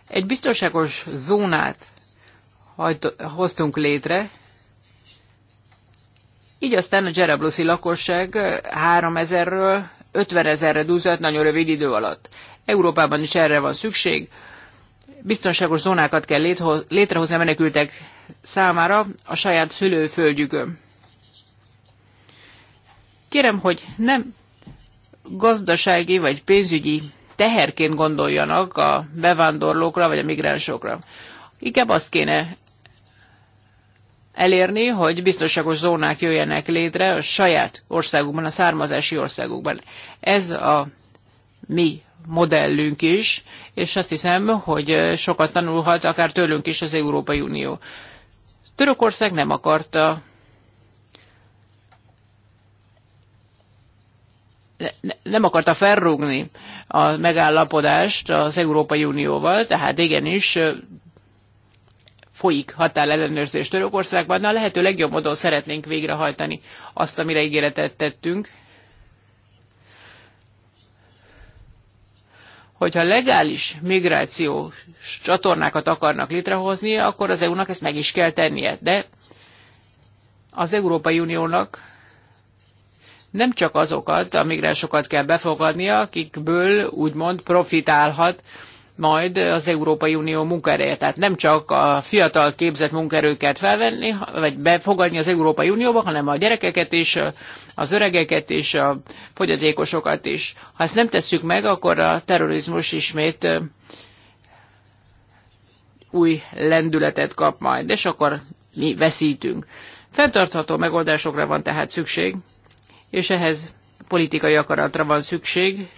Egy biztonságos zónát hoztunk létre, így aztán a Gerablusi lakosság 3000-ről 50 ezerre dúzott nagyon rövid idő alatt. Európában is erre van szükség, biztonságos zónákat kell létrehozni a menekültek számára a saját szülőföldjükön. Kérem, hogy nem gazdasági vagy pénzügyi teherként gondoljanak a bevándorlókra vagy a migránsokra. Inkább azt kéne elérni, hogy biztonságos zónák jöjjenek létre a saját országukban, a származási országukban. Ez a mi modellünk is, és azt hiszem, hogy sokat tanulhat akár tőlünk is az Európai Unió. Törökország nem akarta nem akarta felrúgni a megállapodást az Európai Unióval, tehát igenis folyik határellenőrzés Törökországban, de a lehető legjobb módon szeretnénk végrehajtani azt, amire ígéretet tettünk. hogyha legális migrációs csatornákat akarnak létrehozni, akkor az EU-nak ezt meg is kell tennie. De az Európai Uniónak nem csak azokat a migránsokat kell befogadnia, akikből úgymond profitálhat majd az Európai Unió munkaereje. Tehát nem csak a fiatal képzett munkaerőket felvenni, vagy befogadni az Európai Unióba, hanem a gyerekeket is, az öregeket és a fogyatékosokat is. Ha ezt nem tesszük meg, akkor a terrorizmus ismét új lendületet kap majd, és akkor mi veszítünk. Fentartható megoldásokra van tehát szükség, és ehhez politikai akaratra van szükség,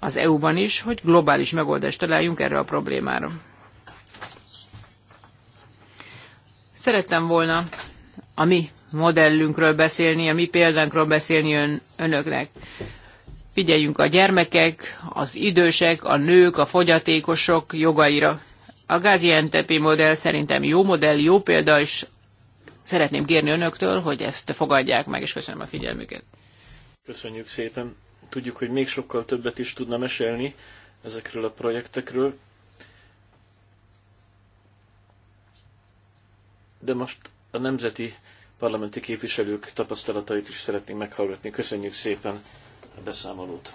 az EU-ban is, hogy globális megoldást találjunk erre a problémára. Szerettem volna a mi modellünkről beszélni, a mi példánkról beszélni ön, önöknek. Figyeljünk a gyermekek, az idősek, a nők, a fogyatékosok jogaira. A Gaziantepi modell szerintem jó modell, jó példa, és szeretném kérni önöktől, hogy ezt fogadják meg, és köszönöm a figyelmüket. Köszönjük szépen tudjuk, hogy még sokkal többet is tudna mesélni ezekről a projektekről. De most a nemzeti parlamenti képviselők tapasztalatait is szeretnénk meghallgatni. Köszönjük szépen a beszámolót.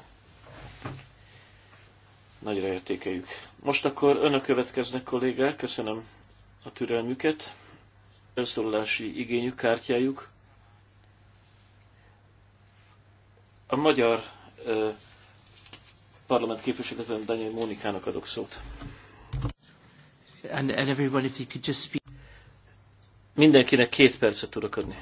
Nagyra értékeljük. Most akkor önök következnek, kollégák. Köszönöm a türelmüket, elszólalási igényük, kártyájuk. A magyar parlament képviselőtől, Daniel Mónikának adok szót. And, and everyone, if you could just speak. Mindenkinek két percet tudok adni.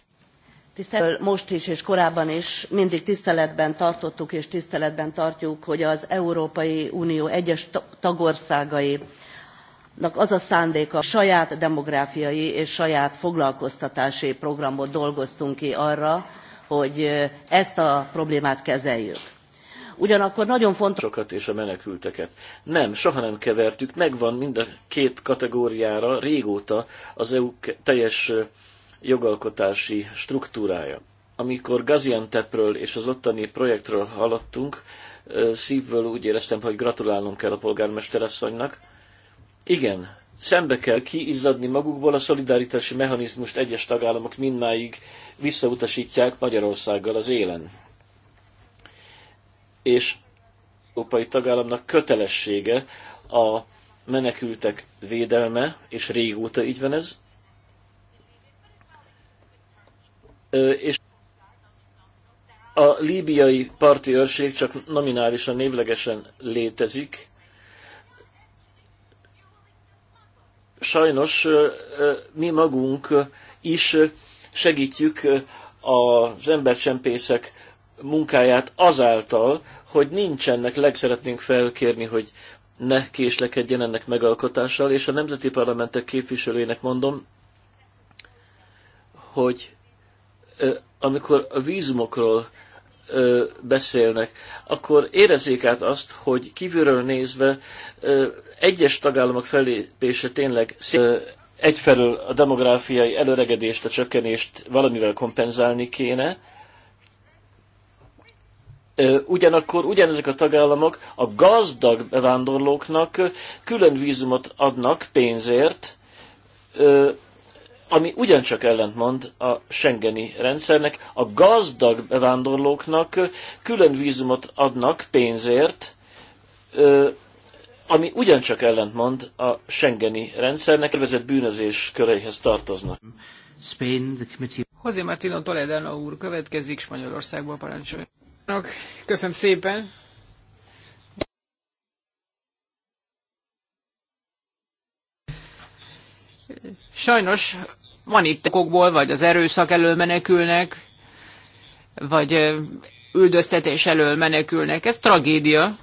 Tisztelt, most is és korábban is mindig tiszteletben tartottuk és tiszteletben tartjuk, hogy az Európai Unió egyes tagországai az a szándéka, saját demográfiai és saját foglalkoztatási programot dolgoztunk ki arra, hogy ezt a problémát kezeljük ugyanakkor nagyon fontosokat és a menekülteket. Nem, soha nem kevertük, megvan mind a két kategóriára régóta az EU teljes jogalkotási struktúrája. Amikor Gaziantepről és az ottani projektről hallottunk, szívből úgy éreztem, hogy gratulálnunk kell a polgármesteresszonynak. Igen, szembe kell kiizzadni magukból a szolidaritási mechanizmust egyes tagállamok mindmáig visszautasítják Magyarországgal az élen és európai tagállamnak kötelessége a menekültek védelme, és régóta így van ez. És a líbiai parti őrség csak nominálisan, névlegesen létezik. Sajnos mi magunk is segítjük az embercsempészek munkáját azáltal, hogy nincsennek, legszeretnénk felkérni, hogy ne késlekedjen ennek megalkotással, és a nemzeti parlamentek képviselőinek mondom, hogy amikor a vízumokról beszélnek, akkor érezzék át azt, hogy kívülről nézve egyes tagállamok felépése tényleg egyfelől a demográfiai előregedést, a csökkenést valamivel kompenzálni kéne, Ugyanakkor ugyanezek a tagállamok a gazdag bevándorlóknak külön vízumot adnak pénzért, ami ugyancsak ellentmond a Schengeni rendszernek. A gazdag bevándorlóknak külön vízumot adnak pénzért, ami ugyancsak ellentmond a Schengeni rendszernek, vezet bűnözés köreihez tartoznak. Spain, the committee... José Martino Toledano úr következik, Spanyolországból parancsolja. Köszönöm szépen. Sajnos van itt okokból, vagy az erőszak elől menekülnek, vagy üldöztetés elől menekülnek. Ez tragédia.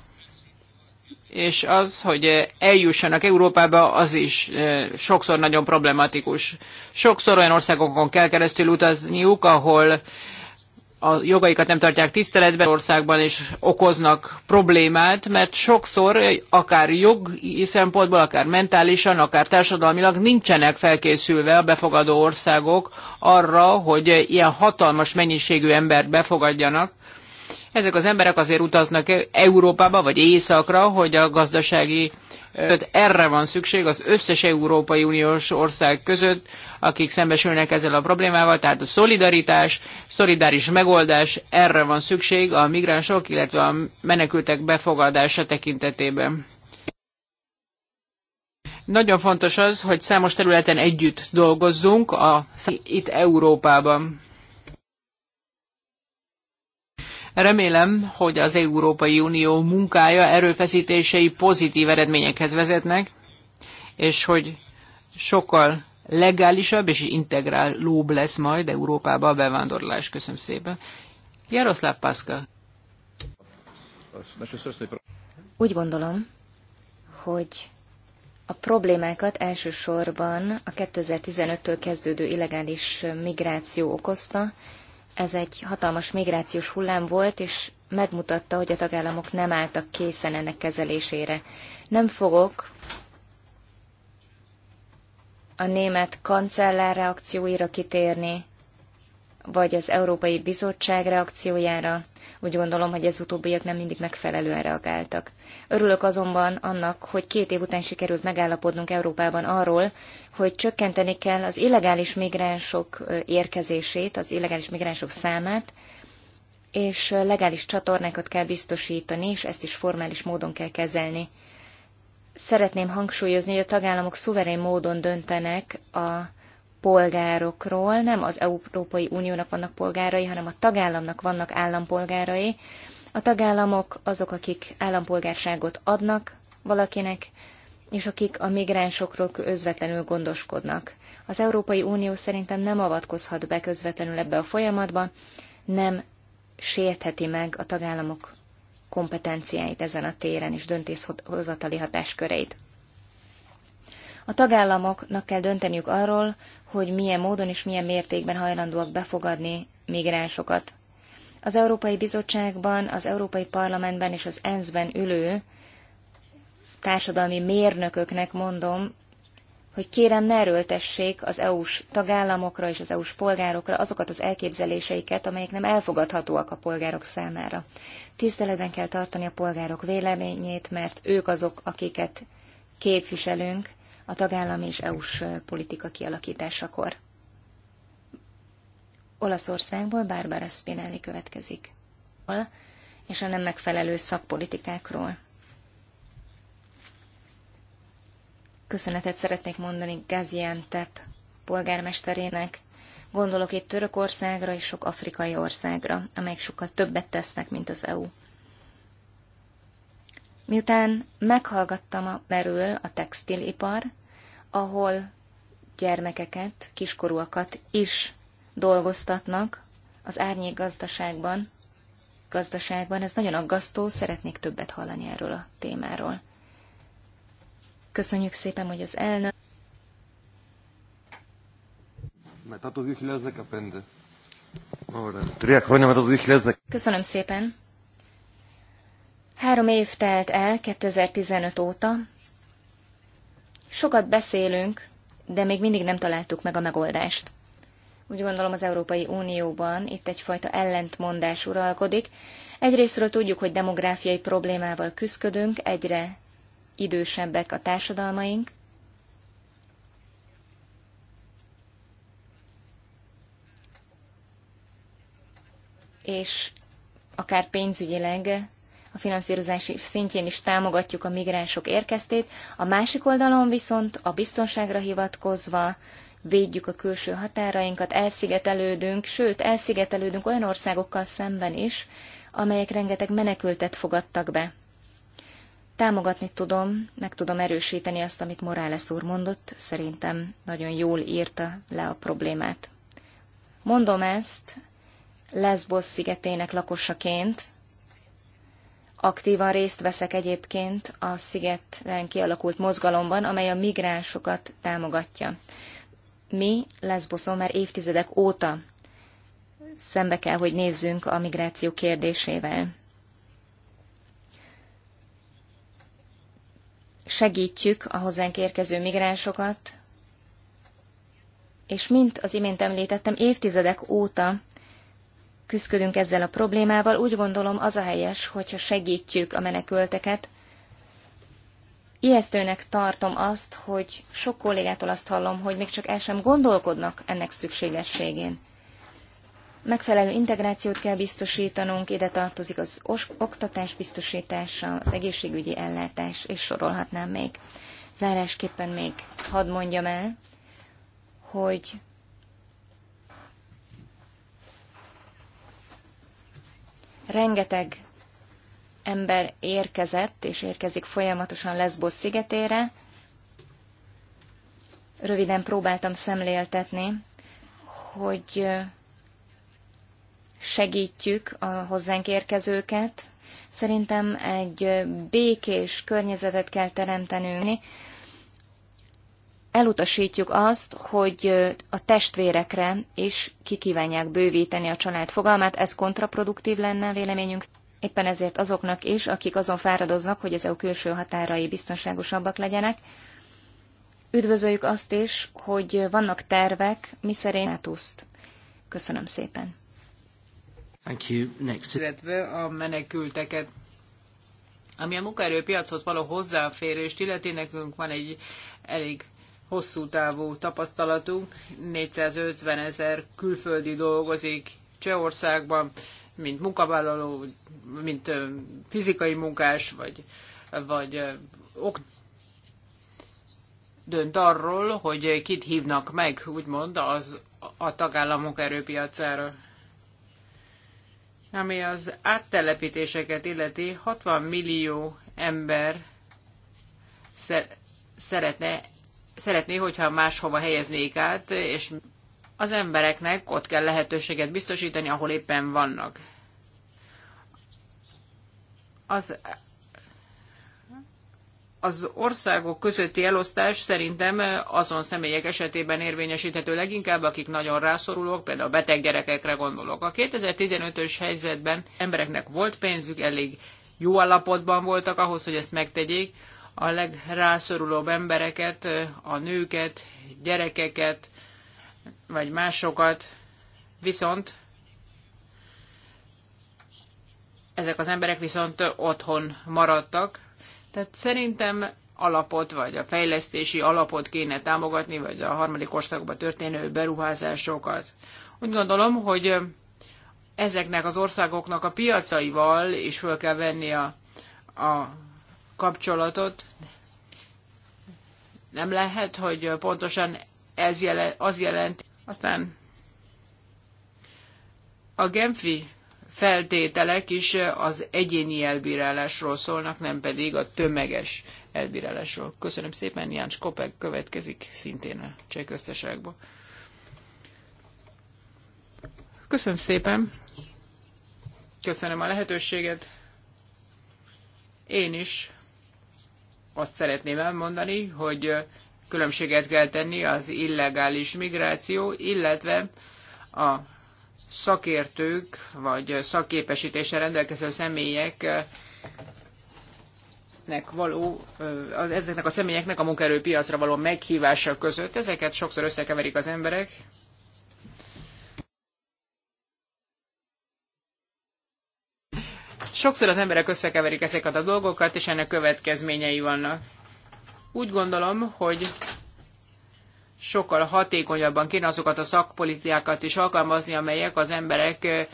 És az, hogy eljussanak Európába, az is sokszor nagyon problematikus. Sokszor olyan országokon kell keresztül utazniuk, ahol a jogaikat nem tartják tiszteletben országban, és okoznak problémát, mert sokszor akár jogi szempontból, akár mentálisan, akár társadalmilag nincsenek felkészülve a befogadó országok arra, hogy ilyen hatalmas mennyiségű embert befogadjanak. Ezek az emberek azért utaznak Európába vagy Északra, hogy a gazdasági erre van szükség az összes Európai Uniós ország között, akik szembesülnek ezzel a problémával, tehát a szolidaritás, szolidáris megoldás, erre van szükség a migránsok, illetve a menekültek befogadása tekintetében. Nagyon fontos az, hogy számos területen együtt dolgozzunk a, itt Európában. Remélem, hogy az Európai Unió munkája, erőfeszítései pozitív eredményekhez vezetnek, és hogy sokkal legálisabb és integrálóbb lesz majd Európába a bevándorlás. Köszönöm szépen. Jaroszláv Pászka. Úgy gondolom, hogy a problémákat elsősorban a 2015-től kezdődő illegális migráció okozta, ez egy hatalmas migrációs hullám volt, és megmutatta, hogy a tagállamok nem álltak készen ennek kezelésére. Nem fogok a német kancellár reakcióira kitérni, vagy az Európai Bizottság reakciójára. Úgy gondolom, hogy ez utóbbiak nem mindig megfelelően reagáltak. Örülök azonban annak, hogy két év után sikerült megállapodnunk Európában arról, hogy csökkenteni kell az illegális migránsok érkezését, az illegális migránsok számát, és legális csatornákat kell biztosítani, és ezt is formális módon kell kezelni. Szeretném hangsúlyozni, hogy a tagállamok szuverén módon döntenek a polgárokról, nem az Európai Uniónak vannak polgárai, hanem a tagállamnak vannak állampolgárai. A tagállamok azok, akik állampolgárságot adnak valakinek, és akik a migránsokról közvetlenül gondoskodnak. Az Európai Unió szerintem nem avatkozhat be közvetlenül ebbe a folyamatba, nem sértheti meg a tagállamok kompetenciáit ezen a téren és döntéshozatali hatásköreit. A tagállamoknak kell dönteniük arról, hogy milyen módon és milyen mértékben hajlandóak befogadni migránsokat. Az Európai Bizottságban, az Európai Parlamentben és az ENSZ-ben ülő társadalmi mérnököknek mondom, hogy kérem ne erőltessék az EU-s tagállamokra és az EU-s polgárokra azokat az elképzeléseiket, amelyek nem elfogadhatóak a polgárok számára. Tiszteletben kell tartani a polgárok véleményét, mert ők azok, akiket képviselünk, a tagállami és EU-s politika kialakításakor. Olaszországból Barbara Spinelli következik, és a nem megfelelő szakpolitikákról. Köszönetet szeretnék mondani Gaziantep polgármesterének. Gondolok itt Törökországra és sok afrikai országra, amelyek sokkal többet tesznek, mint az EU. Miután meghallgattam a merül a textilipar, ahol gyermekeket, kiskorúakat is dolgoztatnak az árnyék gazdaságban, gazdaságban. Ez nagyon aggasztó, szeretnék többet hallani erről a témáról. Köszönjük szépen, hogy az elnök. Köszönöm szépen. Három év telt el 2015 óta, Sokat beszélünk, de még mindig nem találtuk meg a megoldást. Úgy gondolom az Európai Unióban itt egyfajta ellentmondás uralkodik. Egyrésztről tudjuk, hogy demográfiai problémával küzdködünk, egyre idősebbek a társadalmaink, és akár pénzügyileg a finanszírozási szintjén is támogatjuk a migránsok érkeztét, a másik oldalon viszont a biztonságra hivatkozva védjük a külső határainkat, elszigetelődünk, sőt, elszigetelődünk olyan országokkal szemben is, amelyek rengeteg menekültet fogadtak be. Támogatni tudom, meg tudom erősíteni azt, amit Morales úr mondott, szerintem nagyon jól írta le a problémát. Mondom ezt Lesbos szigetének lakosaként, Aktívan részt veszek egyébként a szigeten kialakult mozgalomban, amely a migránsokat támogatja. Mi Lesboszon már évtizedek óta szembe kell, hogy nézzünk a migráció kérdésével. Segítjük a hozzánk érkező migránsokat, és mint az imént említettem, évtizedek óta küzdködünk ezzel a problémával, úgy gondolom az a helyes, hogyha segítjük a menekülteket. Ijesztőnek tartom azt, hogy sok kollégától azt hallom, hogy még csak el sem gondolkodnak ennek szükségességén. Megfelelő integrációt kell biztosítanunk, ide tartozik az oktatás biztosítása, az egészségügyi ellátás, és sorolhatnám még. Zárásképpen még hadd mondjam el, hogy Rengeteg ember érkezett és érkezik folyamatosan Lesbos szigetére. Röviden próbáltam szemléltetni, hogy segítjük a hozzánk érkezőket. Szerintem egy békés környezetet kell teremtenünk, elutasítjuk azt, hogy a testvérekre is kikívánják bővíteni a család fogalmát, ez kontraproduktív lenne véleményünk. Éppen ezért azoknak is, akik azon fáradoznak, hogy az EU külső határai biztonságosabbak legyenek, üdvözöljük azt is, hogy vannak tervek, miszerint nato Köszönöm szépen. Thank you. Next. Illetve a menekülteket ami a munkaerőpiachoz való hozzáférést illeti, nekünk van egy elég hosszú távú tapasztalatunk. 450 ezer külföldi dolgozik Csehországban, mint munkavállaló, mint fizikai munkás, vagy, vagy ok dönt arról, hogy kit hívnak meg, úgymond, az, a tagállamok erőpiacára. Ami az áttelepítéseket illeti, 60 millió ember szeretne szeretné, hogyha máshova helyeznék át, és az embereknek ott kell lehetőséget biztosítani, ahol éppen vannak. Az, az országok közötti elosztás szerintem azon személyek esetében érvényesíthető leginkább, akik nagyon rászorulók, például beteg gyerekekre gondolok. A 2015-ös helyzetben embereknek volt pénzük, elég jó állapotban voltak ahhoz, hogy ezt megtegyék, a legrászorulóbb embereket, a nőket, gyerekeket, vagy másokat, viszont ezek az emberek viszont otthon maradtak. Tehát szerintem alapot, vagy a fejlesztési alapot kéne támogatni, vagy a harmadik országokba történő beruházásokat. Úgy gondolom, hogy ezeknek az országoknak a piacaival is föl kell venni a, a kapcsolatot. Nem lehet, hogy pontosan ez jelen, az jelent. Aztán a Genfi feltételek is az egyéni elbírálásról szólnak, nem pedig a tömeges elbírálásról. Köszönöm szépen, Jáncs Kopek következik szintén a cseh Köszönöm szépen, köszönöm a lehetőséget. Én is azt szeretném elmondani, hogy különbséget kell tenni az illegális migráció, illetve a szakértők vagy szakképesítése rendelkező személyeknek való, ezeknek a személyeknek a munkaerőpiacra való meghívása között. Ezeket sokszor összekeverik az emberek, Sokszor az emberek összekeverik ezeket a dolgokat, és ennek következményei vannak. Úgy gondolom, hogy sokkal hatékonyabban kéne azokat a szakpolitikákat is alkalmazni, amelyek az emberek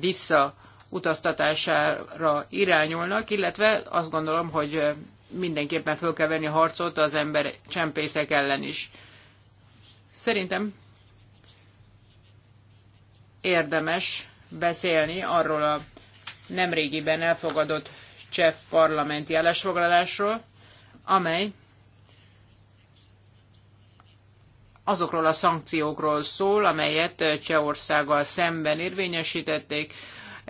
visszautaztatására irányulnak, illetve azt gondolom, hogy mindenképpen föl kell venni harcot az ember csempészek ellen is. Szerintem érdemes beszélni arról a nemrégiben elfogadott cseh parlamenti állásfoglalásról, amely azokról a szankciókról szól, amelyet Csehországgal szemben érvényesítették.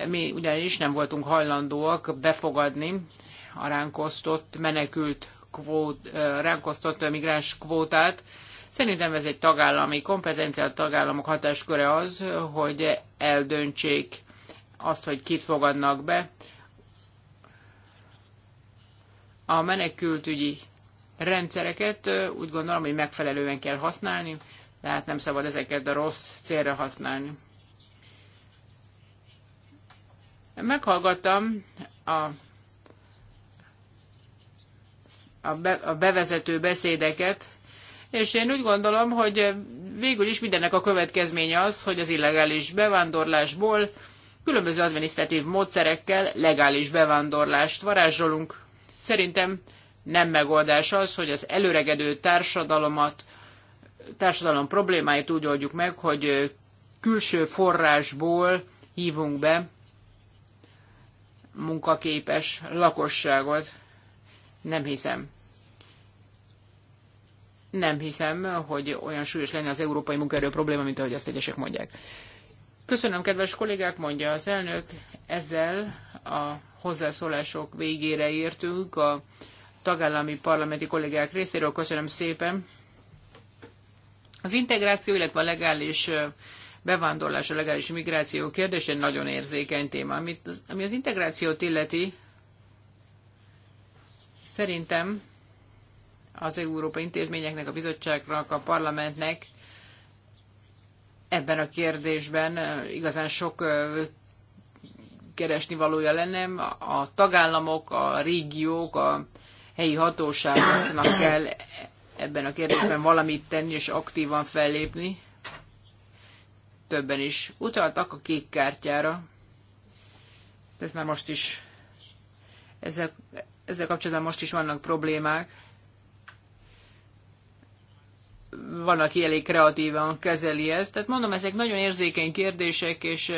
Mi ugyanis nem voltunk hajlandóak befogadni a ránk osztott menekült kvót, ránk osztott migráns kvótát. Szerintem ez egy tagállami kompetencia, a tagállamok hatásköre az, hogy eldöntsék azt, hogy kit fogadnak be. A menekültügyi rendszereket úgy gondolom, hogy megfelelően kell használni, tehát nem szabad ezeket a rossz célra használni. Meghallgattam a, a, be, a bevezető beszédeket, és én úgy gondolom, hogy végül is mindennek a következménye az, hogy az illegális bevándorlásból Különböző adminisztratív módszerekkel legális bevándorlást varázsolunk. Szerintem nem megoldás az, hogy az előregedő társadalomat, társadalom problémáit úgy oldjuk meg, hogy külső forrásból hívunk be munkaképes lakosságot. Nem hiszem. Nem hiszem, hogy olyan súlyos lenne az európai munkaerő probléma, mint ahogy azt egyesek mondják. Köszönöm, kedves kollégák, mondja az elnök. Ezzel a hozzászólások végére értünk a tagállami parlamenti kollégák részéről. Köszönöm szépen. Az integráció, illetve a legális bevándorlás, a legális migráció kérdése nagyon érzékeny téma. Amit, ami az integrációt illeti, szerintem az Európai Intézményeknek, a bizottságnak, a parlamentnek ebben a kérdésben igazán sok keresni valója lenne. A tagállamok, a régiók, a helyi hatóságoknak kell ebben a kérdésben valamit tenni és aktívan fellépni. Többen is utaltak a kék kártyára. Ez már most is, ezzel, ezzel kapcsolatban most is vannak problémák van, aki elég kreatívan kezeli ezt. Tehát mondom, ezek nagyon érzékeny kérdések, és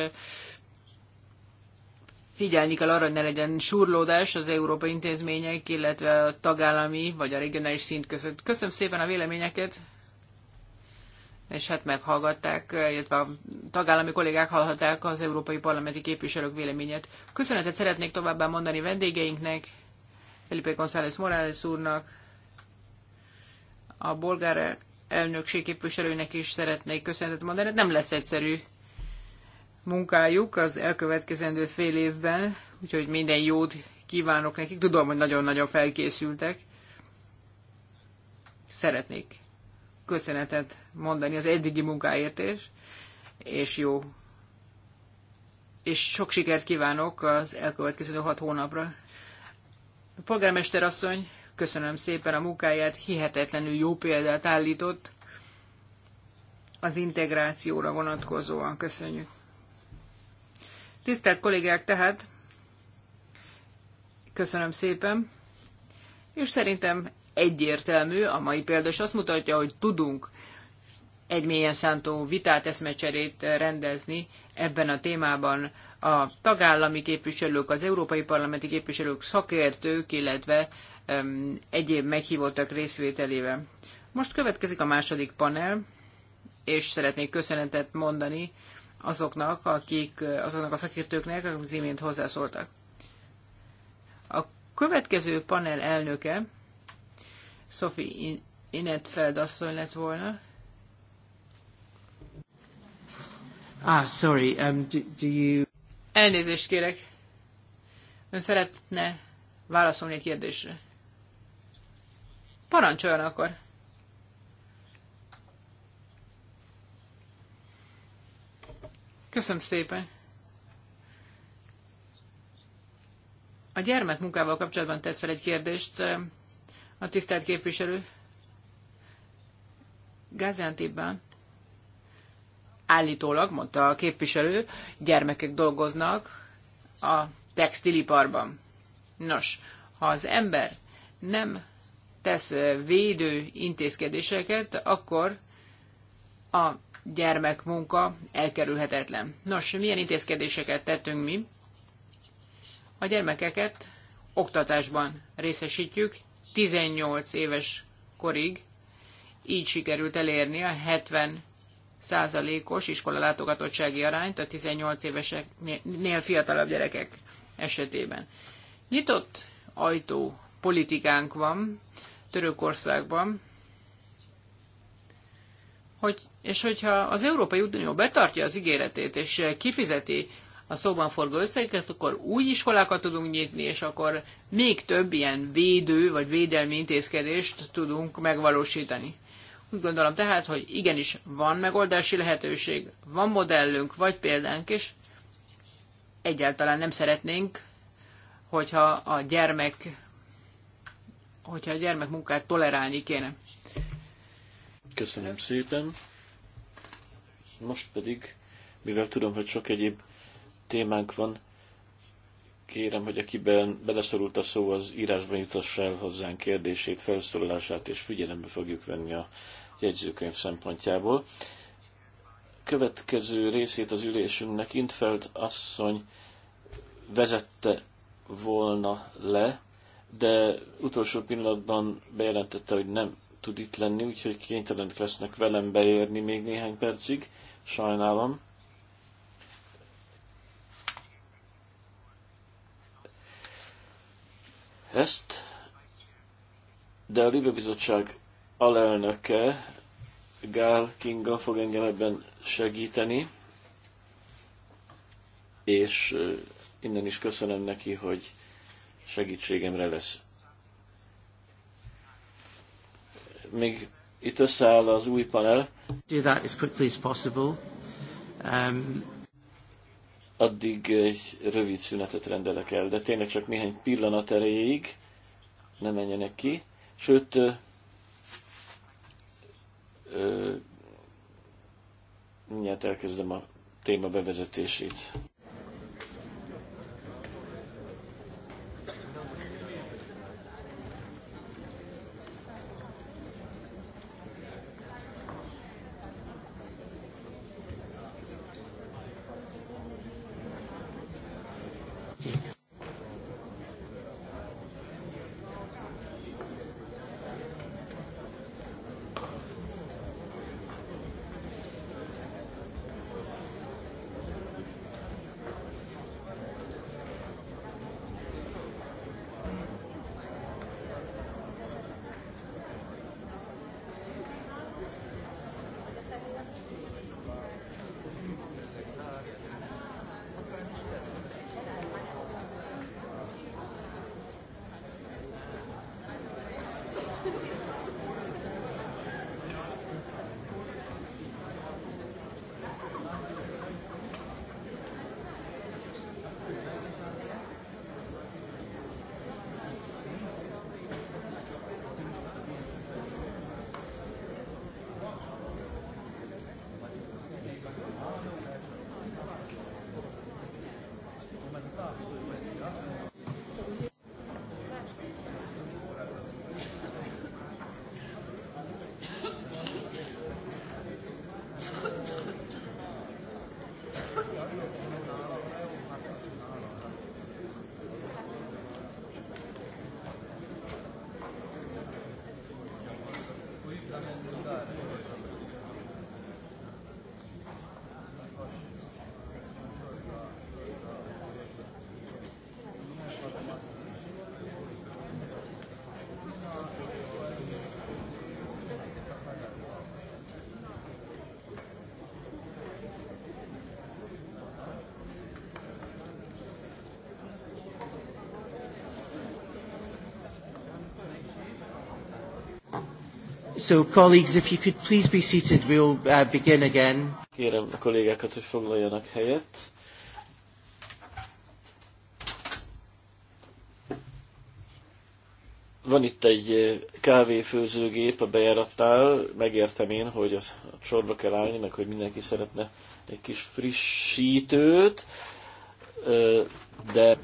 figyelni kell arra, hogy ne legyen surlódás az európai intézmények, illetve a tagállami vagy a regionális szint között. Köszönöm szépen a véleményeket, és hát meghallgatták, illetve a tagállami kollégák hallhatták az európai parlamenti képviselők véleményét. Köszönetet szeretnék továbbá mondani vendégeinknek, Felipe González Morales úrnak, a bolgár elnökség képviselőnek is szeretnék köszönetet mondani. Nem lesz egyszerű munkájuk az elkövetkezendő fél évben, úgyhogy minden jót kívánok nekik. Tudom, hogy nagyon-nagyon felkészültek. Szeretnék köszönetet mondani az eddigi munkáért is, és jó. És sok sikert kívánok az elkövetkező hat hónapra. A polgármester asszony köszönöm szépen a munkáját, hihetetlenül jó példát állított az integrációra vonatkozóan. Köszönjük. Tisztelt kollégák, tehát köszönöm szépen, és szerintem egyértelmű, a mai példa is azt mutatja, hogy tudunk egy mélyen szántó vitát, eszmecserét rendezni ebben a témában a tagállami képviselők, az európai parlamenti képviselők, szakértők, illetve egyéb meghívottak részvételével. Most következik a második panel, és szeretnék köszönetet mondani azoknak, akik, azoknak a szakértőknek, akik az imént hozzászóltak. A következő panel elnöke Szofi Inetfeld asszony lett volna. Ah, sorry, um, do, do you... Elnézést kérek. Ön szeretne válaszolni egy kérdésre? Parancsoljon akkor! Köszönöm szépen! A gyermek munkával kapcsolatban tett fel egy kérdést eh, a tisztelt képviselő. Gaziantépben állítólag, mondta a képviselő, gyermekek dolgoznak a textiliparban. Nos, ha az ember nem tesz védő intézkedéseket, akkor a gyermekmunka elkerülhetetlen. Nos, milyen intézkedéseket tettünk mi? A gyermekeket oktatásban részesítjük 18 éves korig. Így sikerült elérni a 70 százalékos látogatottsági arányt a 18 éveseknél fiatalabb gyerekek esetében. Nyitott ajtó politikánk van, Törökországban, hogy, és hogyha az Európai Unió betartja az ígéretét, és kifizeti a szóban forgó összegeket, akkor új iskolákat tudunk nyitni, és akkor még több ilyen védő vagy védelmi intézkedést tudunk megvalósítani. Úgy gondolom tehát, hogy igenis van megoldási lehetőség, van modellünk, vagy példánk, és egyáltalán nem szeretnénk, hogyha a gyermek hogyha a gyermekmunkát tolerálni kéne. Köszönöm szépen. Most pedig, mivel tudom, hogy sok egyéb témánk van, kérem, hogy akiben beleszorult a szó, az írásban jutassa el hozzánk kérdését, felszólalását, és figyelembe fogjuk venni a jegyzőkönyv szempontjából. Következő részét az ülésünknek Intfeld asszony vezette volna le, de utolsó pillanatban bejelentette, hogy nem tud itt lenni, úgyhogy kénytelenek lesznek velem beérni még néhány percig. Sajnálom. Ezt, de a Libe Bizottság alelnöke, Gál Kinga fog engem ebben segíteni, és innen is köszönöm neki, hogy segítségemre lesz. Még itt összeáll az új panel. Do that as quickly as possible. Um... Addig egy rövid szünetet rendelek el, de tényleg csak néhány pillanat erejéig ne menjenek ki. Sőt, ö, ö, mindjárt elkezdem a téma bevezetését. So colleagues, if you could please be seated, we'll uh, begin again. Kérem a kollégákat, hogy foglaljanak helyet. Van itt egy eh, kávéfőzőgép a bejárattál, megértem én, hogy az sorba kell állni, meg hogy mindenki szeretne egy kis frissítőt, de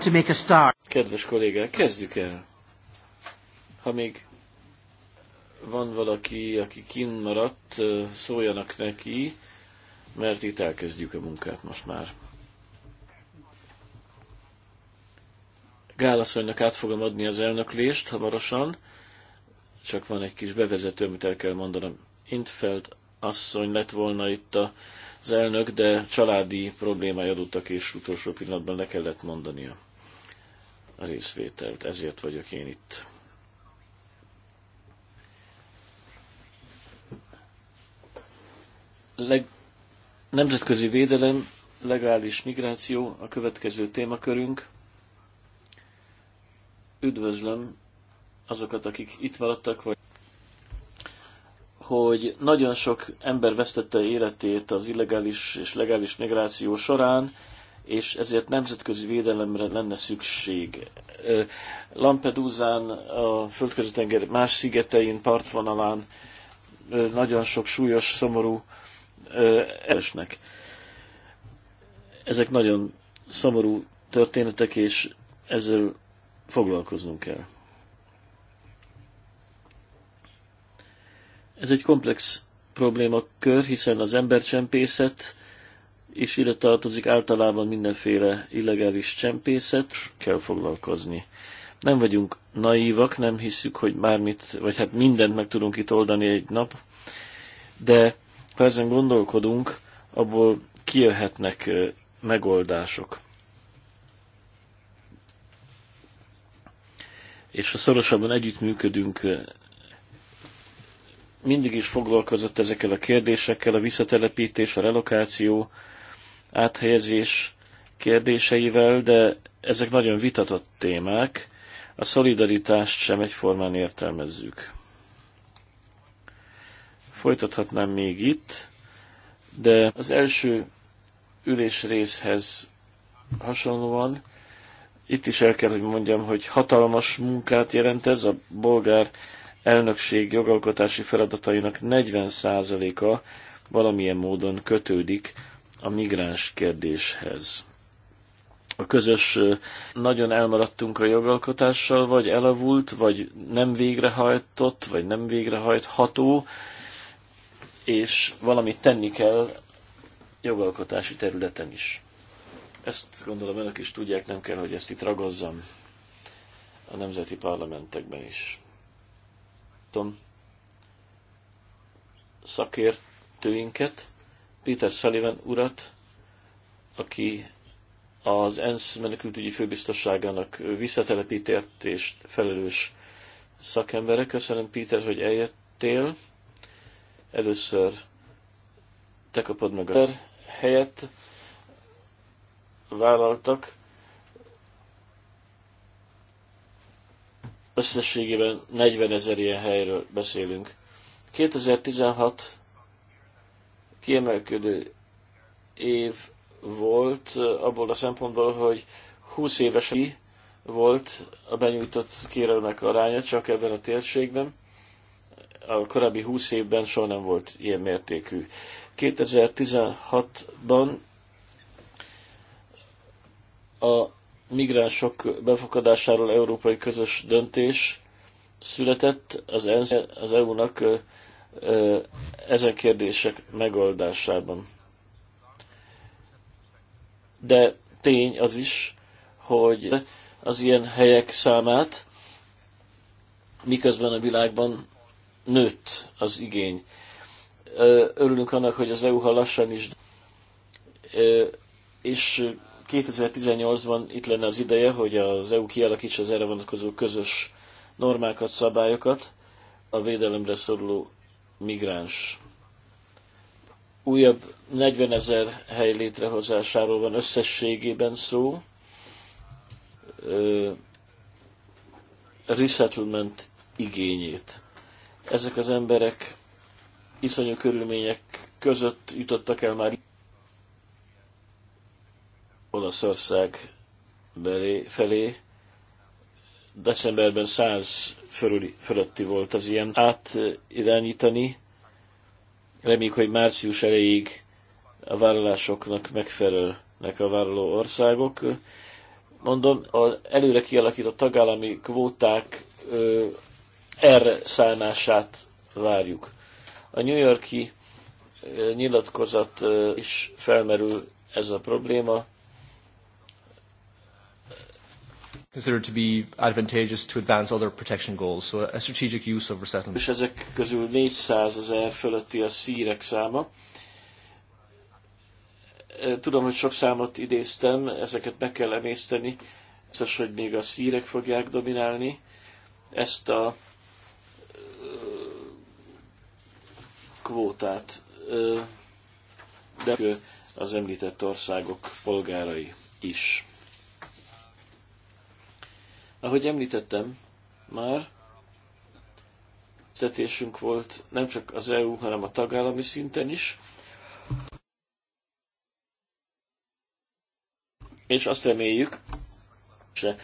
To make a start. Kedves kollégák, kezdjük el. Ha még van valaki, aki kin maradt, szóljanak neki, mert itt elkezdjük a munkát most már. Gálaszonynak át fogom adni az elnöklést hamarosan, csak van egy kis bevezető, amit el kell mondanom. Intfeld asszony lett volna itt a az elnök, de családi problémája adottak, és utolsó pillanatban le kellett mondania a részvételt. Ezért vagyok én itt. Leg... Nemzetközi védelem, legális migráció a következő témakörünk. Üdvözlöm azokat, akik itt maradtak, vagy hogy nagyon sok ember vesztette életét az illegális és legális migráció során, és ezért nemzetközi védelemre lenne szükség. Lampedúzán, a földközi-tenger más szigetein, partvonalán nagyon sok súlyos, szomorú esnek. Ezek nagyon szomorú történetek, és ezzel foglalkoznunk kell. Ez egy komplex problémakör, hiszen az embercsempészet és ide tartozik általában mindenféle illegális csempészet, kell foglalkozni. Nem vagyunk naívak, nem hiszük, hogy mármit, vagy hát mindent meg tudunk itt oldani egy nap, de ha ezen gondolkodunk, abból kijöhetnek megoldások. És ha szorosabban együttműködünk mindig is foglalkozott ezekkel a kérdésekkel, a visszatelepítés, a relokáció, áthelyezés kérdéseivel, de ezek nagyon vitatott témák, a szolidaritást sem egyformán értelmezzük. Folytathatnám még itt, de az első ülés részhez hasonlóan itt is el kell, hogy mondjam, hogy hatalmas munkát jelent ez a bolgár elnökség jogalkotási feladatainak 40%-a valamilyen módon kötődik a migráns kérdéshez. A közös nagyon elmaradtunk a jogalkotással, vagy elavult, vagy nem végrehajtott, vagy nem végrehajtható, és valamit tenni kell jogalkotási területen is. Ezt gondolom önök is tudják, nem kell, hogy ezt itt ragozzam a nemzeti parlamentekben is láttam szakértőinket, Peter Sullivan urat, aki az ENSZ menekültügyi főbiztosságának visszatelepítést felelős szakembere. Köszönöm, Péter, hogy eljöttél. Először te kapod meg a helyet vállaltak Összességében 40 ezer ilyen helyről beszélünk. 2016 kiemelkedő év volt abból a szempontból, hogy 20 éves volt a benyújtott kérelmek aránya csak ebben a térségben. A korábbi 20 évben soha nem volt ilyen mértékű. 2016-ban a migránsok befogadásáról európai közös döntés született az, ENSZ, az EU-nak ezen kérdések megoldásában. De tény az is, hogy az ilyen helyek számát miközben a világban nőtt az igény. Örülünk annak, hogy az EU ha lassan is és 2018-ban itt lenne az ideje, hogy az EU kialakítsa az erre vonatkozó közös normákat, szabályokat a védelemre szoruló migráns. Újabb 40 ezer hely létrehozásáról van összességében szó. Resettlement igényét. Ezek az emberek iszonyú körülmények között jutottak el már Oroszország belé, felé. Decemberben 100 fölüli, fölötti volt az ilyen átirányítani. Reméljük, hogy március elejéig a vállalásoknak megfelelnek a vállaló országok. Mondom, az előre kialakított tagállami kvóták ö, erre szállását várjuk. A New Yorki nyilatkozat is felmerül ez a probléma. considered to be advantageous to advance other protection goals, so a strategic use of resettlement. És ezek közül 400 ezer fölötti a szírek száma. Tudom, hogy sok számot idéztem, ezeket meg kell emészteni. Biztos, hogy még a szírek fogják dominálni ezt a kvótát, de az említett országok polgárai is. Ahogy említettem, már tetésünk volt nem csak az EU, hanem a tagállami szinten is. És azt reméljük, se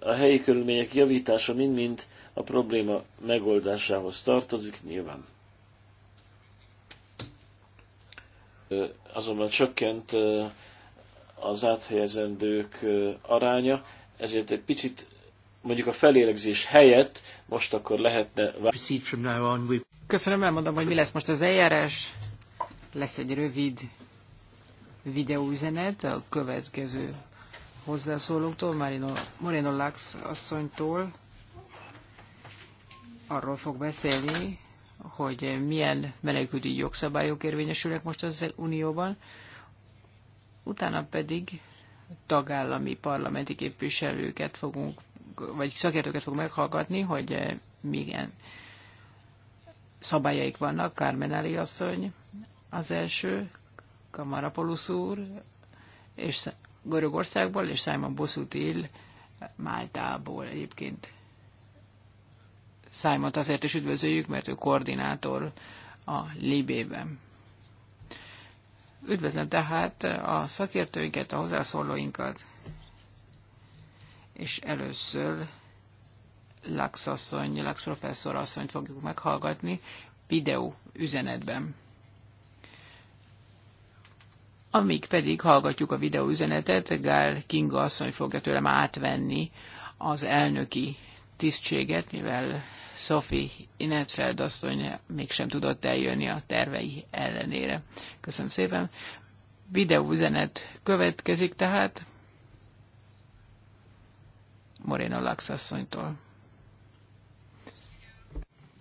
a helyi körülmények javítása mind-mind a probléma megoldásához tartozik, nyilván. Azonban csökkent az áthelyezendők aránya, ezért egy picit mondjuk a felélegzés helyett most akkor lehetne... Köszönöm, elmondom, hogy mi lesz most az eljárás. Lesz egy rövid videóüzenet a következő hozzászólóktól, Marino, Moreno Lax asszonytól. Arról fog beszélni, hogy milyen menekülti jogszabályok érvényesülnek most az Unióban. Utána pedig tagállami parlamenti képviselőket fogunk, vagy szakértőket fogunk meghallgatni, hogy eh, milyen szabályaik vannak. Carmen Ali asszony az első, Kamarapolusz úr, és Görögországból, és Simon Bosutil Máltából egyébként. Simon azért is üdvözöljük, mert ő koordinátor a Libében. Üdvözlöm tehát a szakértőinket, a hozzászólóinkat, és először Lax asszony, Lax professzor asszonyt fogjuk meghallgatni videó üzenetben. Amíg pedig hallgatjuk a videó üzenetet, Gál Kinga asszony fogja tőlem átvenni az elnöki tisztséget, mivel Sophie Inetfeld asszony mégsem tudott eljönni a tervei ellenére. Köszönöm szépen. Videóüzenet következik tehát Moreno Lax asszonytól.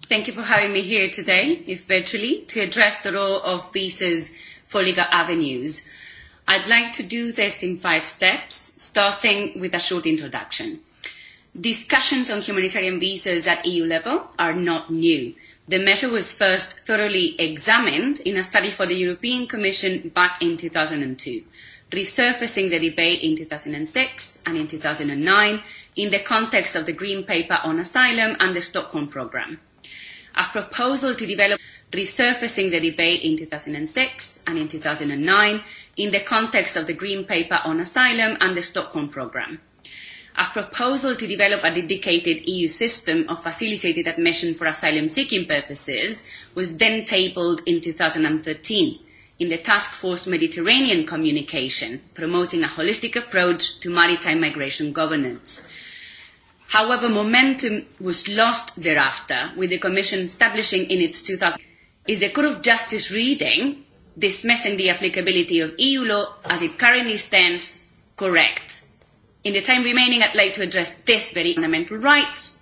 Thank you for having me here today, if virtually, to address the role of visas for legal avenues. I'd like to do this in five steps, starting with a short introduction discussions on humanitarian visas at EU level are not new. The measure was first thoroughly examined in a study for the European Commission back in 2002, resurfacing the debate in 2006 and in 2009 in the context of the Green Paper on Asylum and the Stockholm Programme. A proposal to develop resurfacing the debate in 2006 and in 2009 in the context of the Green Paper on Asylum and the Stockholm Programme a proposal to develop a dedicated EU system of facilitated admission for asylum seeking purposes was then tabled in 2013 in the Task Force Mediterranean communication promoting a holistic approach to maritime migration governance. However, momentum was lost thereafter with the Commission establishing in its 2000 is the Court of Justice reading dismissing the applicability of EU law as it currently stands correct? In the time remaining, I'd like to address this very fundamental rights.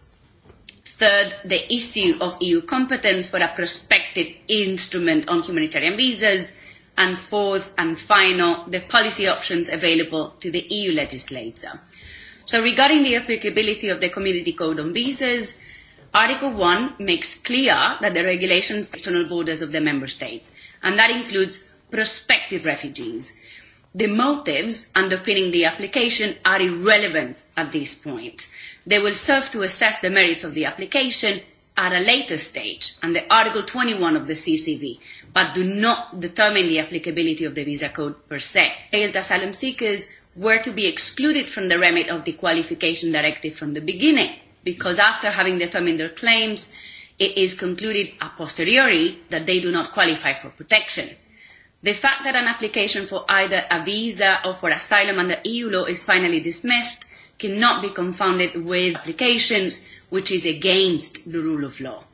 Third, the issue of EU competence for a prospective instrument on humanitarian visas. And fourth and final, the policy options available to the EU legislator. So regarding the applicability of the Community Code on Visas, Article 1 makes clear that the regulations external borders of the member states, and that includes prospective refugees the motives underpinning the application are irrelevant at this point. They will serve to assess the merits of the application at a later stage under Article 21 of the CCV, but do not determine the applicability of the visa code per se. Failed asylum seekers were to be excluded from the remit of the qualification directive from the beginning, because after having determined their claims, it is concluded a posteriori that they do not qualify for protection. The fact that an application for either a visa or for asylum under EU law is finally dismissed cannot be confounded with applications which is against the rule of law.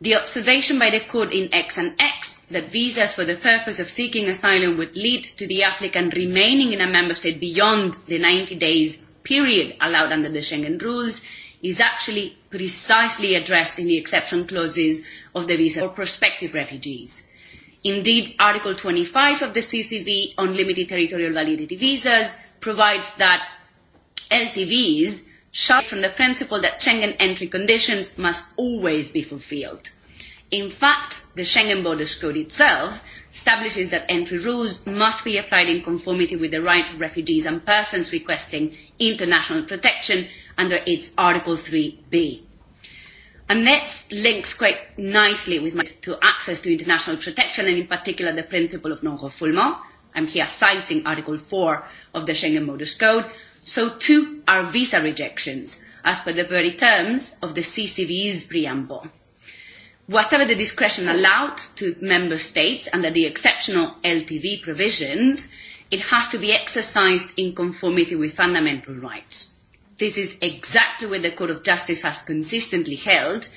The observation by the court in X and X that visas for the purpose of seeking asylum would lead to the applicant remaining in a member state beyond the 90 days period allowed under the Schengen rules is actually precisely addressed in the exception clauses of the visa for prospective refugees. Indeed, Article 25 of the CCV on limited territorial validity visas provides that LTVs shall from the principle that Schengen entry conditions must always be fulfilled. In fact, the Schengen Borders Code itself establishes that entry rules must be applied in conformity with the rights of refugees and persons requesting international protection under its Article 3b. And this links quite nicely with my to access to international protection and in particular the principle of non-refoulement. I'm here citing Article 4 of the Schengen Modus Code. So too are visa rejections as per the very terms of the CCV's preamble. Whatever the discretion allowed to member states under the exceptional LTV provisions, it has to be exercised in conformity with fundamental rights. This is exactly what the Court of Justice has consistently held,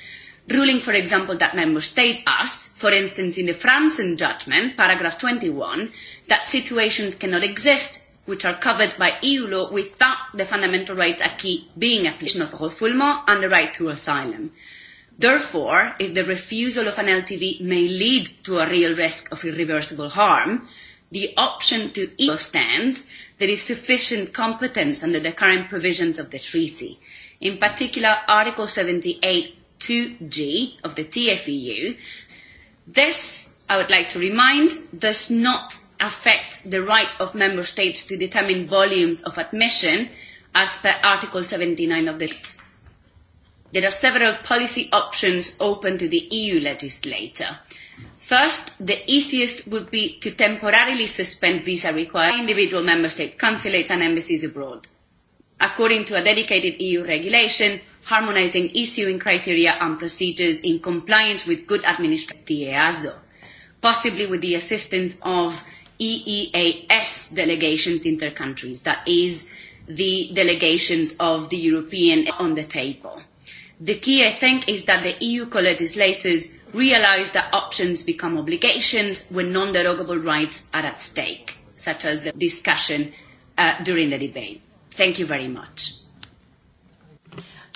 ruling, for example, that member states ask, for instance, in the Franzen judgment, paragraph 21, that situations cannot exist which are covered by EU law without the fundamental rights acquis being application of refoulement and the right to asylum. Therefore, if the refusal of an LTV may lead to a real risk of irreversible harm, the option to EU stands there is sufficient competence under the current provisions of the treaty. In particular, Article 78 2G of the TFEU. This, I would like to remind, does not affect the right of member states to determine volumes of admission as per Article 79 of the There are several policy options open to the EU legislator. First, the easiest would be to temporarily suspend visa requirements individual member state consulates and embassies abroad, according to a dedicated EU regulation harmonizing issuing criteria and procedures in compliance with good administration the EASO, possibly with the assistance of EEAS delegations in their countries, that is, the delegations of the European on the table. The key, I think, is that the EU co-legislators realise that options become obligations when non-derogable rights are at stake, such as the discussion uh, during the debate. Thank you very much.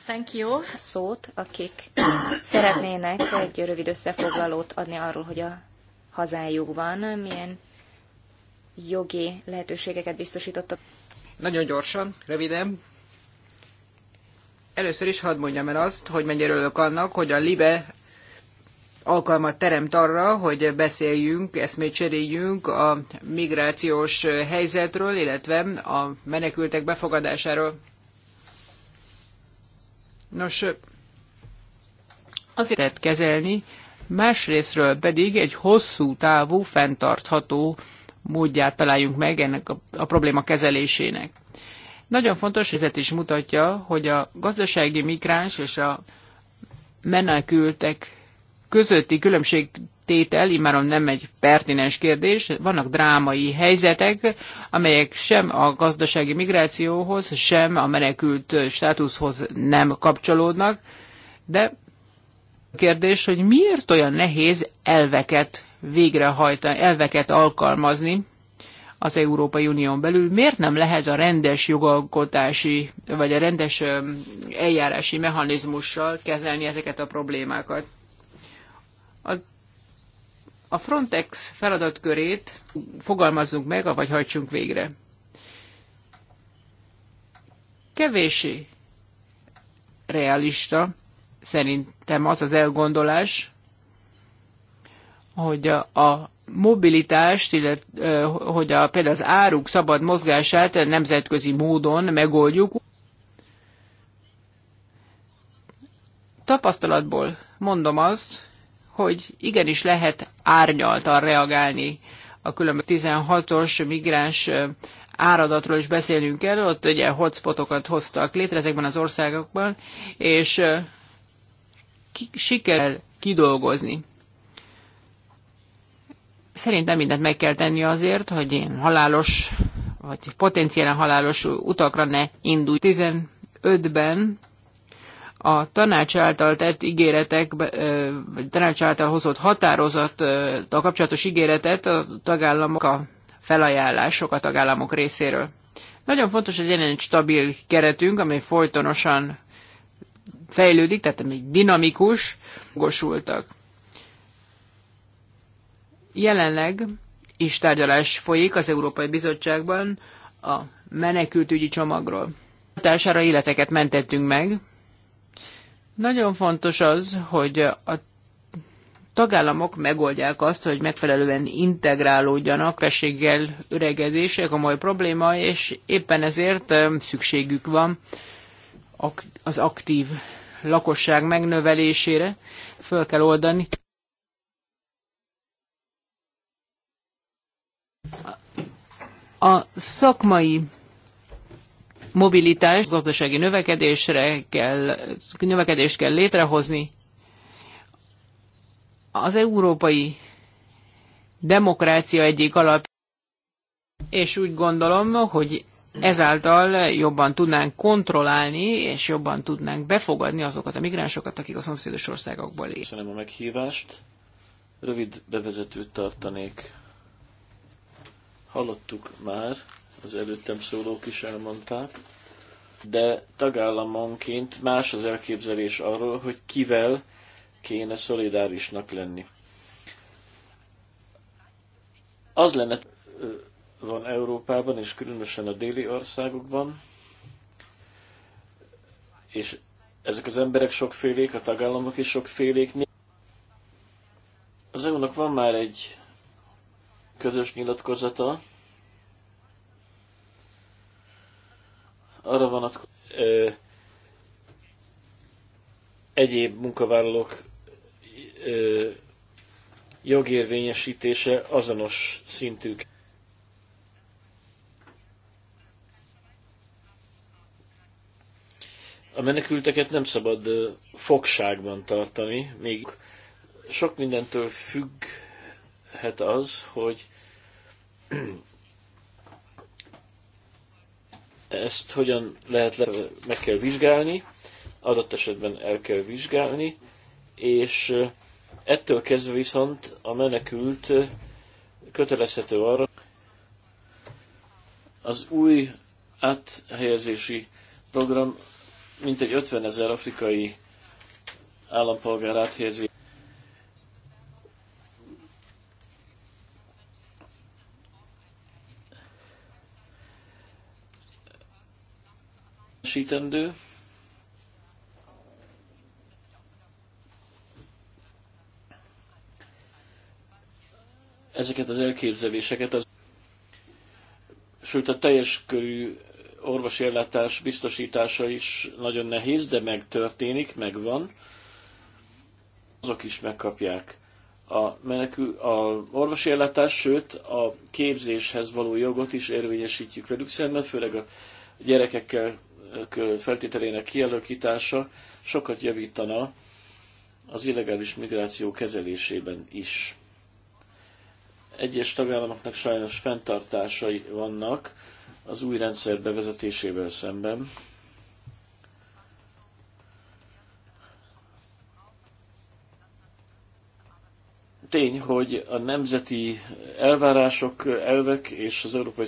Thank you. Szót, akik szeretnének egy rövid összefoglalót adni arról, hogy a hazájuk van, milyen jogi lehetőségeket biztosítottak. Nagyon gyorsan, röviden. Először is hadd mondjam el azt, hogy mennyire örülök annak, hogy a LIBE alkalmat teremt arra, hogy beszéljünk, eszmét cseréljünk a migrációs helyzetről, illetve a menekültek befogadásáról. Nos, azért lehet kezelni, másrésztről pedig egy hosszú távú, fenntartható módját találjunk meg ennek a, a probléma kezelésének. Nagyon fontos, ezet is mutatja, hogy a gazdasági migráns és a menekültek közötti különbség tétel, immáron nem egy pertinens kérdés, vannak drámai helyzetek, amelyek sem a gazdasági migrációhoz, sem a menekült státuszhoz nem kapcsolódnak, de a kérdés, hogy miért olyan nehéz elveket végrehajtani, elveket alkalmazni az Európai Unión belül, miért nem lehet a rendes jogalkotási, vagy a rendes eljárási mechanizmussal kezelni ezeket a problémákat? Az, a Frontex feladatkörét fogalmazzunk meg, vagy hajtsunk végre. Kevéssé realista szerintem az az elgondolás, hogy a mobilitást, illetve hogy a, például az áruk szabad mozgását nemzetközi módon megoldjuk. Tapasztalatból mondom azt, hogy igenis lehet árnyaltan reagálni a különböző 16-os migráns áradatról is beszélünk el, ott ugye hotspotokat hoztak létre ezekben az országokban, és sikerül kidolgozni. Szerintem mindent meg kell tenni azért, hogy én halálos, vagy potenciálisan halálos utakra ne indulj. 15-ben a tanács által tett ígéretek, vagy tanács által hozott a kapcsolatos ígéretet a tagállamok, a felajánlások a tagállamok részéről. Nagyon fontos, hogy legyen egy stabil keretünk, amely folytonosan fejlődik, tehát még dinamikus, gosultak. Jelenleg is tárgyalás folyik az Európai Bizottságban a menekültügyi csomagról. társára életeket mentettünk meg, nagyon fontos az, hogy a tagállamok megoldják azt, hogy megfelelően integrálódjanak, reséggel öregedés, a mai probléma, és éppen ezért szükségük van az aktív lakosság megnövelésére, föl kell oldani. A szakmai mobilitás, gazdasági növekedésre kell, növekedést kell létrehozni. Az európai demokrácia egyik alap, és úgy gondolom, hogy ezáltal jobban tudnánk kontrollálni, és jobban tudnánk befogadni azokat a migránsokat, akik a szomszédos országokból él. Köszönöm a meghívást. Rövid bevezetőt tartanék. Hallottuk már az előttem szólók is elmondták, de tagállamonként más az elképzelés arról, hogy kivel kéne szolidárisnak lenni. Az lenne, van Európában, és különösen a déli országokban, és ezek az emberek sokfélék, a tagállamok is sokfélék. Az EU-nak van már egy közös nyilatkozata, arra vonatkozó egyéb munkavállalók ö, jogérvényesítése azonos szintük. A menekülteket nem szabad fogságban tartani, még sok mindentől függhet az, hogy ezt hogyan lehet le, meg kell vizsgálni, adott esetben el kell vizsgálni, és ettől kezdve viszont a menekült kötelezhető arra, az új áthelyezési program mintegy 50 ezer afrikai állampolgár áthelyezi teljesítendő. Ezeket az elképzeléseket, az, sőt a teljes körű orvosi ellátás biztosítása is nagyon nehéz, de megtörténik, megvan. Azok is megkapják a, menekül, a orvosi ellátás, sőt a képzéshez való jogot is érvényesítjük velük szemben, főleg a gyerekekkel feltételének kialakítása sokat javítana az illegális migráció kezelésében is. Egyes tagállamoknak sajnos fenntartásai vannak az új rendszer bevezetésével szemben. Tény, hogy a nemzeti elvárások, elvek és az európai